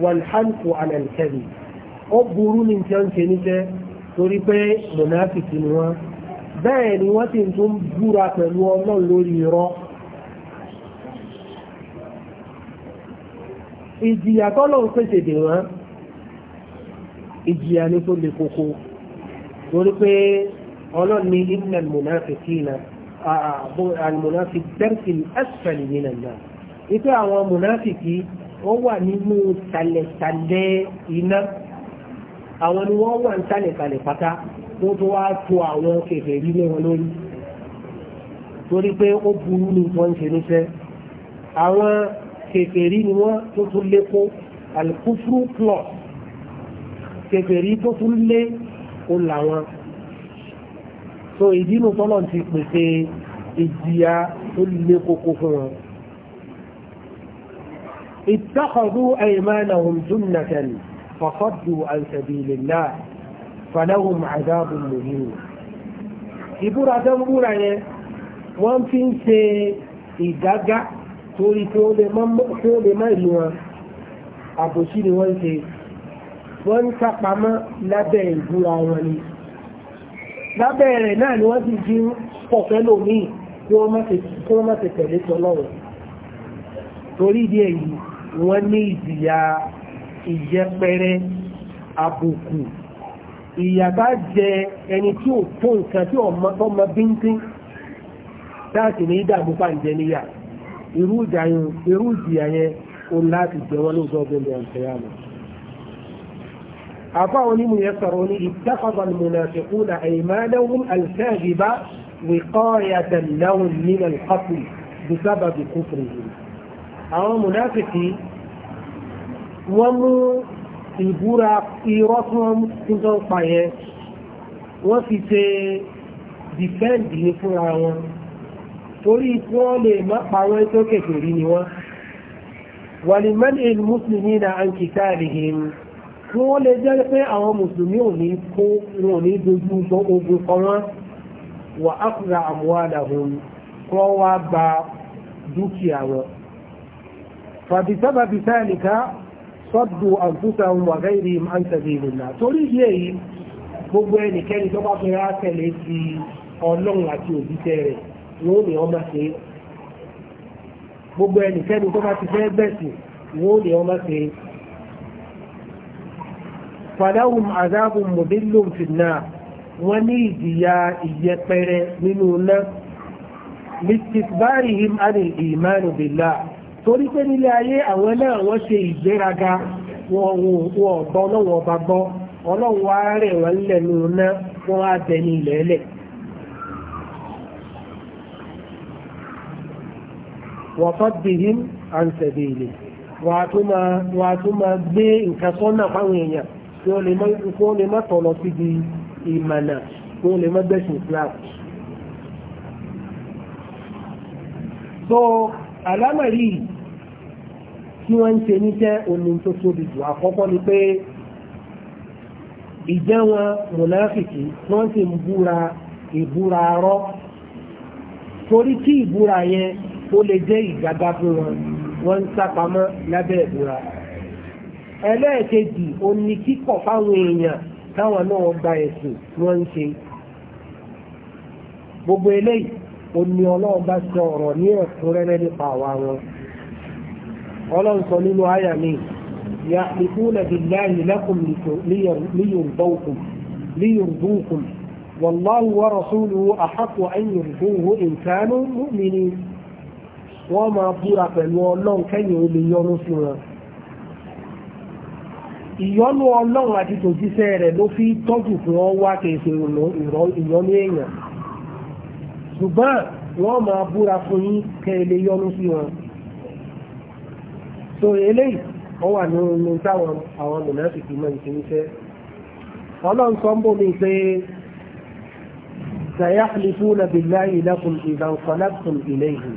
[SPEAKER 1] والحنق على الكذب أبروا من تنسنك تريبي منافق نوا bẹ́ẹ̀ ni wọ́n ti tún búra pẹ̀lú ọlọ́run lórí irọ́ ìjìyà tọ́lọ́run pèsè dè wọ́n ìjìyà ní tó le koko torí pé ọlọ́run ní innal munafiqina àlùmọ́náfi dẹ́rẹ́kì asfali nínú náà wípé àwọn mọ̀náfìkì ó wà nínú tàlẹ̀tàlẹ̀ iná àwọn ni wọ́n wà ní tàlẹ̀tàlẹ̀ pátá tó tó wá tó àwọn kẹfẹ́ rí lé wọn lórí torí pé ó burú ní wọ́n ń ṣe níṣẹ́ àwọn kẹfẹ́ rí ni wọ́n tó tún lékó alkufru plus kẹfẹ́ rí tó tún lé ó làwọn so ìdínú tọ́lọ̀ ti pèsè ìjìyà tó lè kókó fún wọn ìtàkọ̀dú aymanahum junnatan faqaddu an sabilillah falahum adabun muhin ìbúra tó ń búra yẹn wọ́n fi ń ṣe ìdágá torí tí ó lè má ìlú wọn àbòsí ni wọ́n ṣe wọ́n ń sápamọ́ lábẹ́ ìbúra wọn ni. lábẹ́ rẹ̀ náà ni wọ́n ti jí pọ̀fẹ́ lòmíì kí wọ́n má ti tẹ̀lé tọ́lọ́run torí ìdí èyí wọ́n ní ìjìyà ìyẹpẹrẹ àbùkù ìyàbá jẹ ẹni tí ò tó nǹkan tí ọmọ bíntín láti ní ìdààmú pàǹjẹ níyà irú yẹn láti jẹ wọn àfáà onímù yẹn sọ̀rọ̀ ní ittakhadha al-munafiquna aymanahum al-kadhiba wiqayatan lahum min al-qatl bisababi kufrihim àwọn mùnáfìkì wọ́n mú ìbúra irọ́ tí wọ́n ti ń tán pa yẹn wọ́n fi ṣe dìfẹ́ǹdì ní fúnra wọn torí tí wọ́n lè má pa wọ́n tó kèfèrí ni wọ́n mùsùlùmí na àǹkìtà àríhìn kí wọ́n lè jẹ́ pé àwọn mùsùlùmí ò ní kó wọn ní dojú ogun kan wọ́n wà áfíra àmúwádàhùn kọ́ wá gba dúkìá wọn fàbísábàbísá nìka sọ́dù àǹtúta wà gẹ́rì gbogbo ẹnikẹ́ni tó bá ti ọlọ́run àti òbíṣẹ́ rẹ̀ wọ́n gbogbo fẹ́ فلهم عذاب مذل في النار ونيديا يقر منونا لاستكبارهم عن الإيمان بالله torí pé nílé ayé na náà wọ́n ṣe ọlọ́run wá rẹ̀ wọ́n lẹ́nu náà wọ́n á bẹni ilẹ̀ẹ́lẹ̀ wọ́n fọ́ bìhín àǹsẹ̀bìlì wọ́n á tún máa gbé nǹkan sọ́nà fáwọn èèyàn kí wọ́n lè má tọ̀nà sí di ìmànà kí wọ́n lè má gbẹ̀sìn Islam. so alámàrí tí wọ́n ń ṣe níṣẹ́ omi tó tóbi jù àkọ́kọ́ ni pé ìjẹ́ wọn mùnáfìkì wọ́n sì ń búra ìbúra arọ́ torí tí ìbúra yẹn ó lè jẹ́ ìgbàgbá fún wọn wọ́n ń sápamọ́ lábẹ́ ìbúra ẹlẹ́ẹ̀kejì ó ní kíkọ̀ fáwọn èèyàn táwọn náà gba ẹ̀sìn wọ́n ń ṣe gbogbo eléyìí ó ní ọlọ́run bá sọ ọ̀rọ̀ ní ẹ̀kúnrẹ́rẹ́ nípa àwa wọn ọlọ́run sọ nínú àyà mi يحلفون بالله لكم ليرضوكم ليرضوكم والله ورسوله أحق أن يرضوه إن كانوا مؤمنين وما بورا pẹ̀lú ọlọ́run kẹ́yìn olè yọrún sí wọn ìyọ́nú ọlọ́run àti tòjíṣẹ́ rẹ̀ ló fi tọ́jú fún ọ wá kèsè ìyọ́nú èèyàn ṣùgbọ́n wọ́n máa búra fún yín kẹ́lẹ̀ yọ́nú sí wọn so eléyìí wọ́n wà ní ohun táwọn àwọn mùnáfìkì mọ́ ìṣẹ́níṣẹ́ ọlọ́run sọ ń bò mí pé سيحلفون بالله لكم إذا انقلبتم إليهم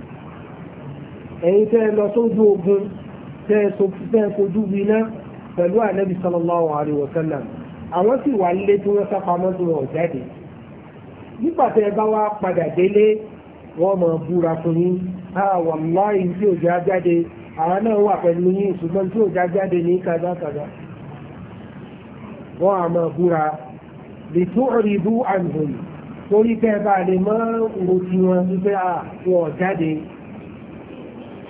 [SPEAKER 1] ẹ̀yin tẹ́ lọ sójú ogun tẹ́ sojú winá pẹ̀lú ànábì sallallahu alaihi wa sallam àwọn sì wà nílé tí wọ́n sápamọ́ tí wọ́n jáde nígbà tẹ́ ẹ bá wá padà délé wọ́n mọ̀ búra fún yín wallahi tí ò já jáde àwọn náà wà pẹ̀lú yín ṣùgbọ́n tí ò já jáde ní kàdákàdá wọ́n a búra lè tó ọ̀rìbú àmìhòyì torí pẹ́ bá lè mọ́ òkú wọn wípé àwọn jáde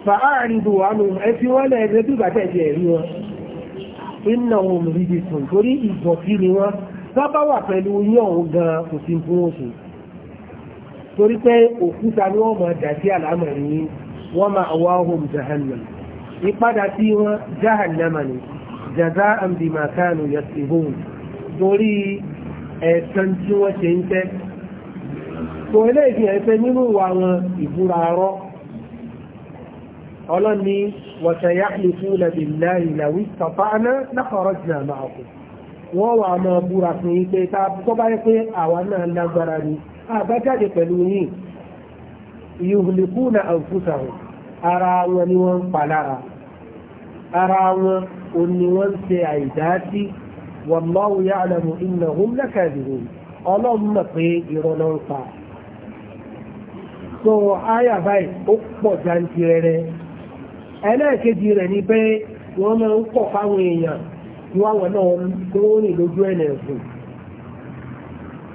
[SPEAKER 1] fa'áàrìbù àmìhòyì ẹ fi wọ́n lẹ́ẹ̀ẹ́ iná ohun mìírí sùn torí ìdọ̀tí ni wọ́n sábà wà pẹ̀lú yín ọ̀hún gan kò sí fún oṣù torí pé òkúta ni wọ́n máa dà sí àlámọ̀rí yín wọ́n máa wá ohun jahannam ìpadà sí wọn jahannama ni jaza ambi makanu yasibun torí ẹ̀sán tí wọ́n ṣe ń tẹ́ ọlọ́ni wọ̀tẹ̀yà lùfún lẹ́bí láì làwí tọ̀fáàná lákọ̀ọ́rọ̀jìnà máa kù wọ́n wà máa búra fún yí pé tó bá yẹ pé àwa náà lágbára ni àbájáde pẹ̀lú yìí yuhlikuna anfusahum ara wọn ni wọ́n ń ẹlẹ́ẹ̀kejì rẹ̀ ni pé wọ́n máa ń pọ̀ fáwọn èèyàn ní wáwọn náà tó ń rìn lójú ẹ̀nà ẹ̀sùn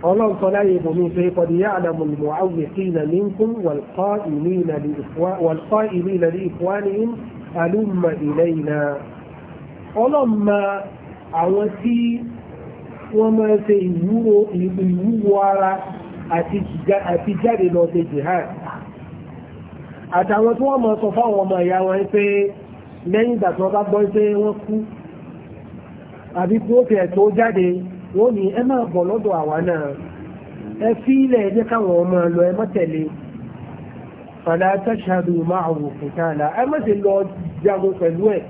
[SPEAKER 1] ọlọ́run láyé ibòmí pé kọ̀dí yá àdàmù si áwùyẹ̀ tí wọ́n ń ṣe ìwúwo àtàwọn tí wọ́n mọ̀ sọ fáwọn ọmọ ìyá wọn pé lẹ́yìn ìgbà tí wọ́n bá gbọ́ pé wọ́n kú àbí tí ó fi ẹ̀tọ́ jáde wọ́n ní ẹ máa bọ̀ lọ́dọ̀ àwa náà ẹ fi ilẹ̀ ẹjẹ́ káwọn ọmọ lọ ẹ mọ́ tẹ̀lé fàlà tashhadu ma'ahu qitala ẹ mọ́ sì lọ jagun pẹ̀lú ẹ̀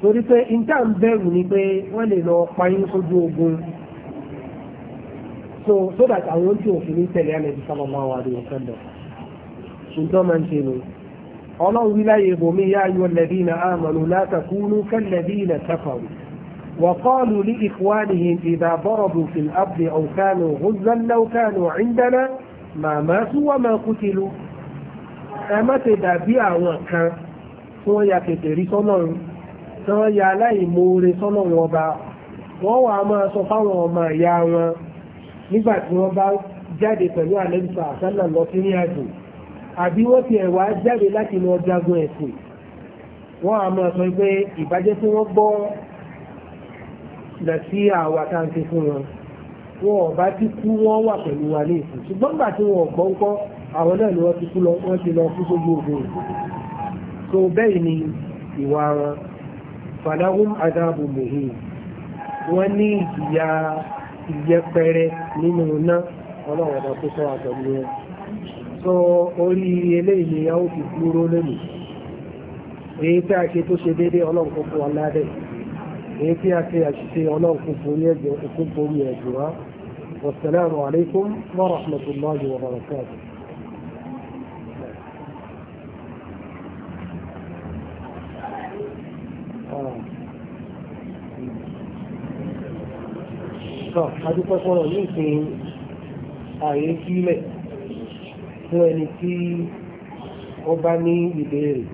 [SPEAKER 1] torí pé ìta ń bẹ̀rù ni pé wọ́n lè lọ payín sójú ogun so so that àwọn tí òfin ní tẹ̀lé Ànábì sallallahu alaihi wasallam ṣùgbọ́n máa ń ṣe nù ọlọ́run wí láyé ibòmí yá ayọ̀ lẹ́dínà àmàlù látàkúnú kẹ́lẹ́dínà kafaru وقالوا لإخوانهم إذا ضربوا في الأرض أو كانوا غزا لو كانوا عندنا ما ماتوا وما قتلوا ẹmọ́ ti dàbí àwọn kan tí wọ́n ya kèkèrí sọ́lọ́run tí wọ́n ya aláìmoore sọ́lọ́run ọba wọ́n wà máa sọ fáwọn ọmọ ìyá wọn nígbà tí wọ́n bá jáde pẹ̀lú àlẹ́bùsọ àṣálà lọ sí ní àjò àbí wọ́n ti ẹ̀wà jáde láti lọ jagun ẹ̀sìn wọ́n a máa sọ pé ìbàjẹ́ tí wọ́n gbọ́ lọ sí àwa tá à ń ti fún wọn wọn ò bá ti kú wọ́n wà pẹ̀lú wa ní ìsìn ṣùgbọ́n gbà tí wọn ò gbọ́ ń kọ́ àwọn náà ni wọ́n ti kú lọ wọ́n ti lọ fún gbogbo ògbò so bẹ́ẹ̀ ni ìwà wọn fàdáhùn àdáàbò mòhìn wọ́n ní ìjìyà ìyẹpẹrẹ nínú náà ọlọ́wọ́ ọ̀dà tó sọ àtọ̀ ní sọ orí eléyìí a ó fi dúró lónìí èyí tí a ṣe tó ṣe déédé ọlọ́run kún fún aládẹ́ èyí tí a ṣe àṣìṣe ọlọ́run kún fún ní ẹgbẹ́ òkú borí ẹ̀jọ̀ wá wasalaamu alaykum wa rahmatulahi fọ́nà ní ìpín àyè fún ẹni tí ó bá ní ìbéèrè.